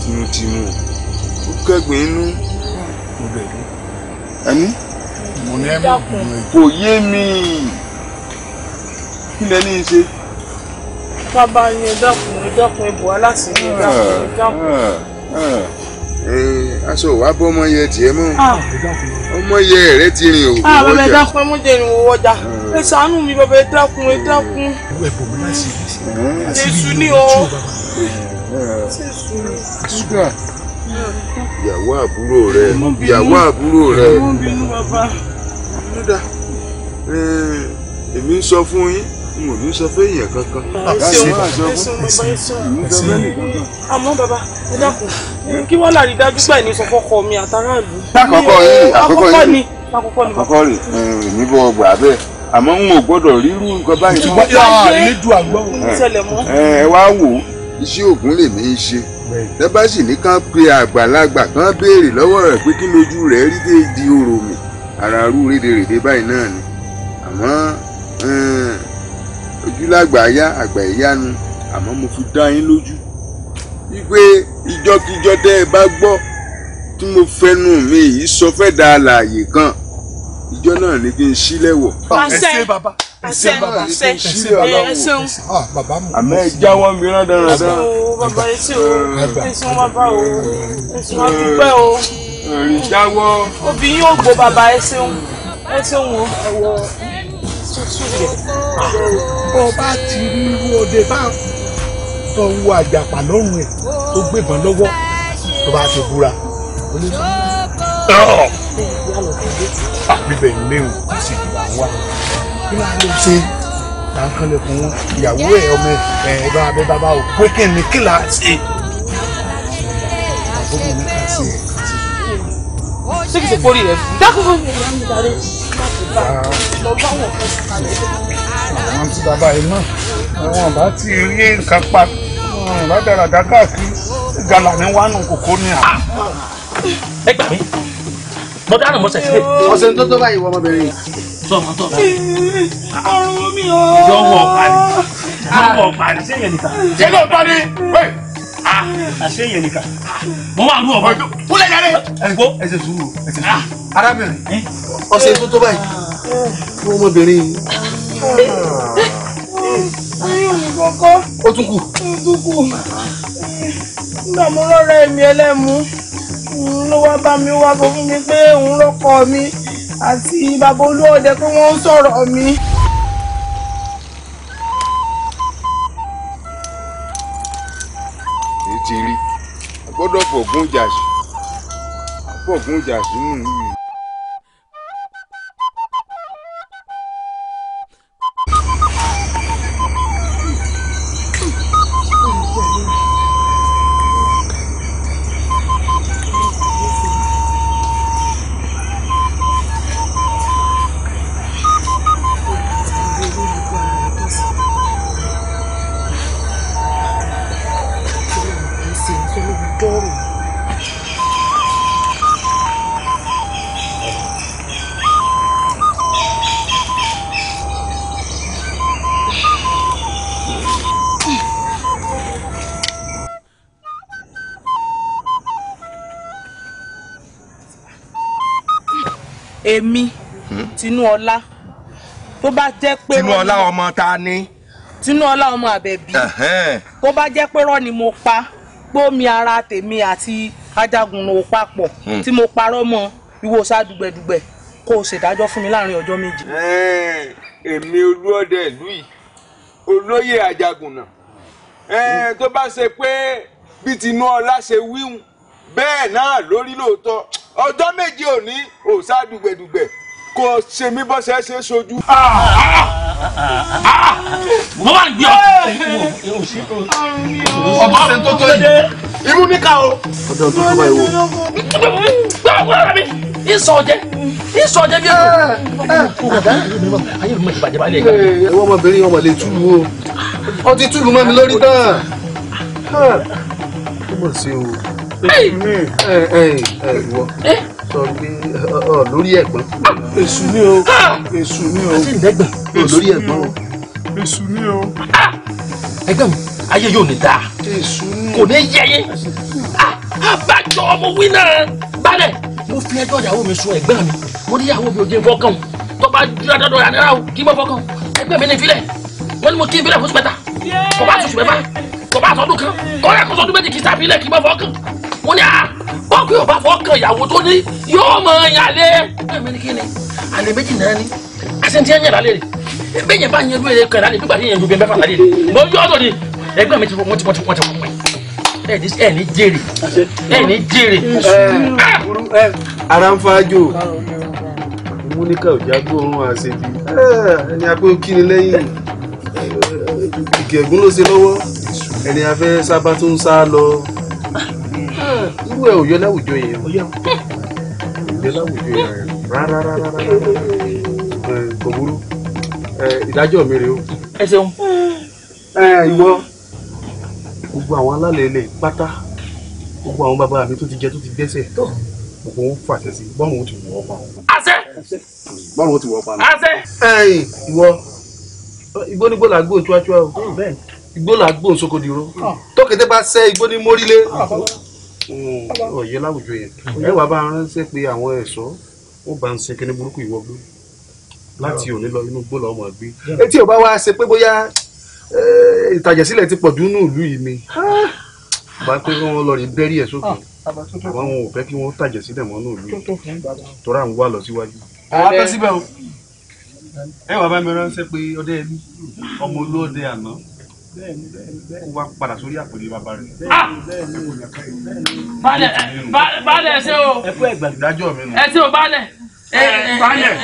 tinútinú ah, ah. ó kẹ́gbìn inú. ẹni mo ní ẹ̀mí kò yé mi kí lẹ ní í ṣe. bàbá yẹn dákun dákun ibò aláṣẹ yẹn dákun dákun aṣọ wa bọ́ ọmọ yẹ tiẹ̀ mọ́ ah. ọmọ yẹ rẹ ti rìn òwò ah, ọjà. bàbá ẹ dákun ẹ mú jẹ ìrìn òwò ọjà ah. ẹ ṣàánú mi bàbá ẹ dákun ẹ dákun. ìwé ẹ̀bùn mi láti rí jésù ní o. ṣúgà ìyàwó àbúrò rẹ ìyàwó àbúrò rẹ. ló dà èmi ń sọ fún yín n ò ní sọ fún èèyàn kankan láti máa sọ fún ìlú gẹ́gẹ́ nìkan. àmọ́ bàbá ẹ dákun kí wọ́n lárí dájú pé ẹni sọ fọ́kọ mi àtàrà àkọ́kọ́ yìí àkọ́kọ́ yìí àkọ́kọ́ rè ní bọ́ ọgbà bẹ́ẹ̀ àmọ́ n ò gbọ́dọ̀ rírú nǹkan báyìí. ìjùmọ̀ yà á lédu àgbọ̀. ẹ wá wò ó iṣẹ́ ògùn lèmi ń ṣe tẹ́ sì ní ká pe àgbàlagbà kan béèrè lọ́wọ́ rẹ̀ pé kí lójú rẹ̀ rí dé di orò mi ara arú rédèrèdè báyìí náà ni àmọ́ ojúlàgbà yá àgbà ìyanu àmọ́ mo fi dá yín lójú wípé ìjọkíjọ tẹ́ ẹ bá gbọ́ tí mo fẹnu mi yìí sọ fẹ́ da àlàyé kan ìjọ náà ni kí n sílẹ̀ wọ̀. àṣẹ bàbá àṣẹ bàbá àṣẹ àṣẹ ah, bàbá mi. àmọ́ ẹ jáwọ́ mi rán dáradára. bàbá etí o etí wọn bá o etí wọn dúpẹ́ o. èrè jáwọ́. obìnrin yóò gbó bàbá ẹ ṣeun ẹ ṣeun tuntun yẹn bó bá ti rí irú ọdẹ bá tó ń wo àjàpá lọ́rùn ẹ̀ tó gbébọn lọ́wọ́ tó bá ti búra àbíbẹ̀ ah, ìléwọ̀n kò sì gbà wá kí ló lè ṣe là ń kanlẹ̀ fún ìyàwó ẹ̀ ọmọ ẹ̀ ẹ̀ bá abẹ́ bàbá ò pé kí ni kí là á ṣe. àbúrò mi kà sí ẹ̀. ṣé kìí ṣe kórìí rẹ̀ fún. dákúrò mi ìyá mi darí àwọn tí bàbá yìí mọ̀ àwọn ọ̀bá tí rí nǹkan pa àwọn ọ̀bá dáradá káàkiri gàlà ní wánú kòkó ni à. ẹ gbà mí mo dáná mo sẹ̀sí. ọ̀sẹ̀ tó tó báyìí wọ ọmọbìnrin yìí. sọ ma mi ò. ìjọ wọ̀ ọ̀pá ni ìjọ nìkan. ṣé kò àṣé èèyàn nìkan mo wà lù ọ̀bọ. kúlẹ̀ jáde. ẹ gbọ́ ẹsẹ̀ sùúrù ẹsẹ̀ ah. sùúrù. arábìnrin ọ̀sẹ̀ tó tó báyìí fún ọmọbìnrin kọ́kọ́. ó tún kù. ó tún kù. nígbà mo lọ́rọ̀ ẹ̀mí ẹlẹ́mu ló wá bá mi wá sọ fún mi pé òun lọ́kọ mi àti bàbá olúọdẹ pé wọ́n ń sọ̀rọ̀ mi. ti rí a gbọ́dọ̀ fògùn ìjà sí fògùn ìjà sí nù. èmi hmm? tinúọlá tó bá jẹ́ pé tinúọlá ọmọ ta ni tinúọlá ọmọ àbẹ̀bí tó bá jẹ́ pé rọ́ ni mo pa gbómi ara tèmi àti ajagun ló papọ̀ hmm. tí mo parọ́ mọ́ ìwòsàn dùgbẹ̀dùgbẹ̀ kó o ṣèdájọ́ fún mi láàrin ọjọ́ méjì. èmi olúọdẹ ìlú yìí olóyè àjàgùnà tó bá ṣe pé bí tinúọlá ṣe wíhun bẹ́ẹ̀ náà lórí lóòótọ́ ọjọ́ méje òní òòṣà dùgbẹ̀dùgbẹ̀ kò ṣe mí bọ́ ṣe ṣe sojú. Ah, ah, ah, mo máa ń ọba rẹ tó tó yìí. irú níkà o. ọdọ tó tó báyìí wo. gbọ́ wẹ́rẹ́ mi ìsọjẹ ìsọjẹ bí ẹ. ẹ wọ́n ọmọbìnrin ọmọ lè túlù o ọ ti túlù mọ́ mi lórí tán. ó sí o sọ pé ọ lórí ẹ̀gbọ́n. èṣù ni o èṣù ni o. àti ìdẹ́gbẹ̀. ọ lórí ẹ̀gbọ́n o. èṣù ni o. ẹgbẹ́ mi ayé yóò ní dáa. èṣù ni o. kò ní yẹyẹ. bàjọ́ ọmọ wí náà balẹ̀. mo fi ẹjọ́ ìyàwó mi sun ẹ̀gbọ́n mi mo ní ìyàwó mi ò jẹ́ fọ́kàn tó bá dúró dọ́dọ̀ rà náírà o kì í bọ́ fọ́kàn ẹgbẹ́ mi ní ìfilẹ̀ wọ́n ní mo kí ìfilẹ̀ fún sùpẹ́ta kò bá sùsù mẹ́fà kò bá sọdún kan kò yẹ kó sọdún méjì kì í sàbílẹ̀ kì í bọ́ fọ́kàn mo ní à bọ́ọ̀kì ò bá fọ́ọ̀kan ìyàwó tó ní yóò mọ ìyàlẹ́ ẹ̀mí ni kí ni àlè méjì náà ni àṣẹ̀ntì ẹ̀yàn lálẹ́ rẹ̀ bẹ́ẹ̀ yẹn bá yẹn lóye kan lálẹ́ nígbà tí yẹn lóye mẹ́fà lálẹ́ rẹ̀ mo yọ ọ́ lórí ẹgbẹ́ mi ti wọ́n ti wọ́n ti wọ́n ti wọ́n ẹ ní jèrè ẹ ní jèrè. ara ń fájú múníkà òjá gbóòórùn àṣebi ẹni apẹ́ òkìní lẹ́yìn ìgẹ̀gún ló ṣe lọ́wọ́ ẹni afẹ́ sábà tó ń sá lọ irú ẹ ò yọ láwùjọ yẹn o yọ láwùjọ yẹn rárá rárá kò burú ìdájọ́ mi rè o. ẹ ṣeun. ẹ ìwọ gbogbo àwọn alálẹ̀ ilé pátá gbogbo àwọn bàbá mi tó ti jẹ tó ti dẹ́sẹ̀ gbogbo wọn fàṣẹ sí bọ́ọ̀mù ó ti wọ̀ ọ́ pa wọn. àṣẹ. bọ́ọ̀mù ó ti wọ̀ ọ́ pa wọn. àṣẹ. ẹ̀yin ìwọ igbó nígbó là ń gbóhùn tíwátíwá o igbó là ń gbóhùn sókòdìrò ah. tó kété bá sẹ igbó ní mórílé. Ah, Mm. ọ̀yẹ́ láwùjọ yẹn ọ̀yẹ́ mm. wàá bá ránṣẹ́ pé àwọn ẹ̀ṣọ́ wọ́n bá ń ṣe kíní burúkú ìwọ gbé láti òní lọ inú gbó lọ́mọ gbé etí ò bá wá ṣe pé bóyá eh, ìtàjẹ̀sílẹ̀ ti pọ̀jù nínú ìlú yìí ni bá pé kí wọ́n lọ rí bẹ́rí ẹ̀ sókè ah, àwọn ò fẹ́ kí wọ́n tàjẹ̀sílẹ̀ mọ́ nínú ìlú tọ́ra ń wá lọ síwájú. àwọn afẹ́ síbẹ̀ o ẹ wàá bá mi ránṣẹ́ pé ọdẹ ẹni ọmọ olóòde àná kó wá padà sórí àpèlé bàbá rẹ̀. balẹ̀ balẹ̀ ẹsẹ̀ o. ẹ fún ẹgbà ìdájọ́ mi nù. ẹsẹ̀ o balẹ̀. balẹ̀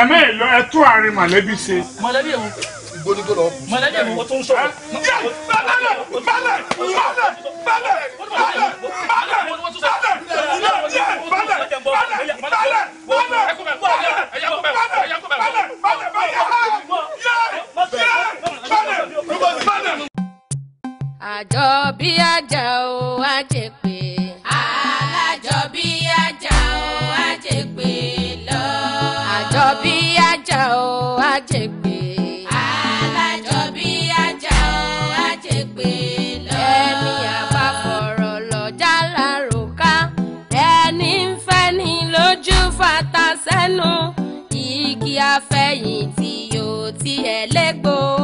ẹ̀mẹ́ ìlọ ẹ tún àárín mọ̀lẹ́bí ṣe. mọ̀lẹ́bí èwo. ìgbóni tó lọ. mọ̀lẹ́bí èwo o tún sọ. balẹ̀ balẹ̀ balẹ̀ balẹ̀ balẹ̀ balẹ̀ balẹ̀ balẹ̀ balẹ̀ balẹ̀ balẹ̀ àjọ bí àjà o àjẹpè. alájọ bí àjà o àjẹpè lọ. àjọ bí àjà o àjẹpè. alájọ bí àjà o àjẹpè lọ. ẹni àbáfọ̀rọ̀ lọ́jà láròká ẹni ń fẹ́ ni lójú fata igi afẹ́yìntì yóò tiẹ̀ lẹ́gbọ̀ọ́.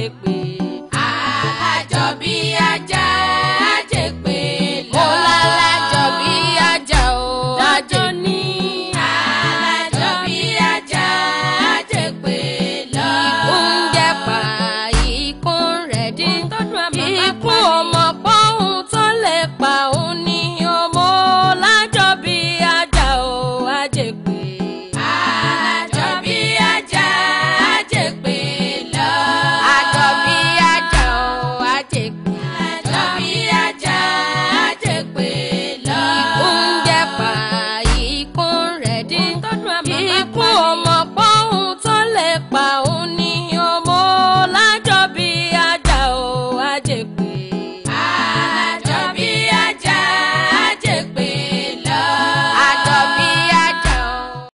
me.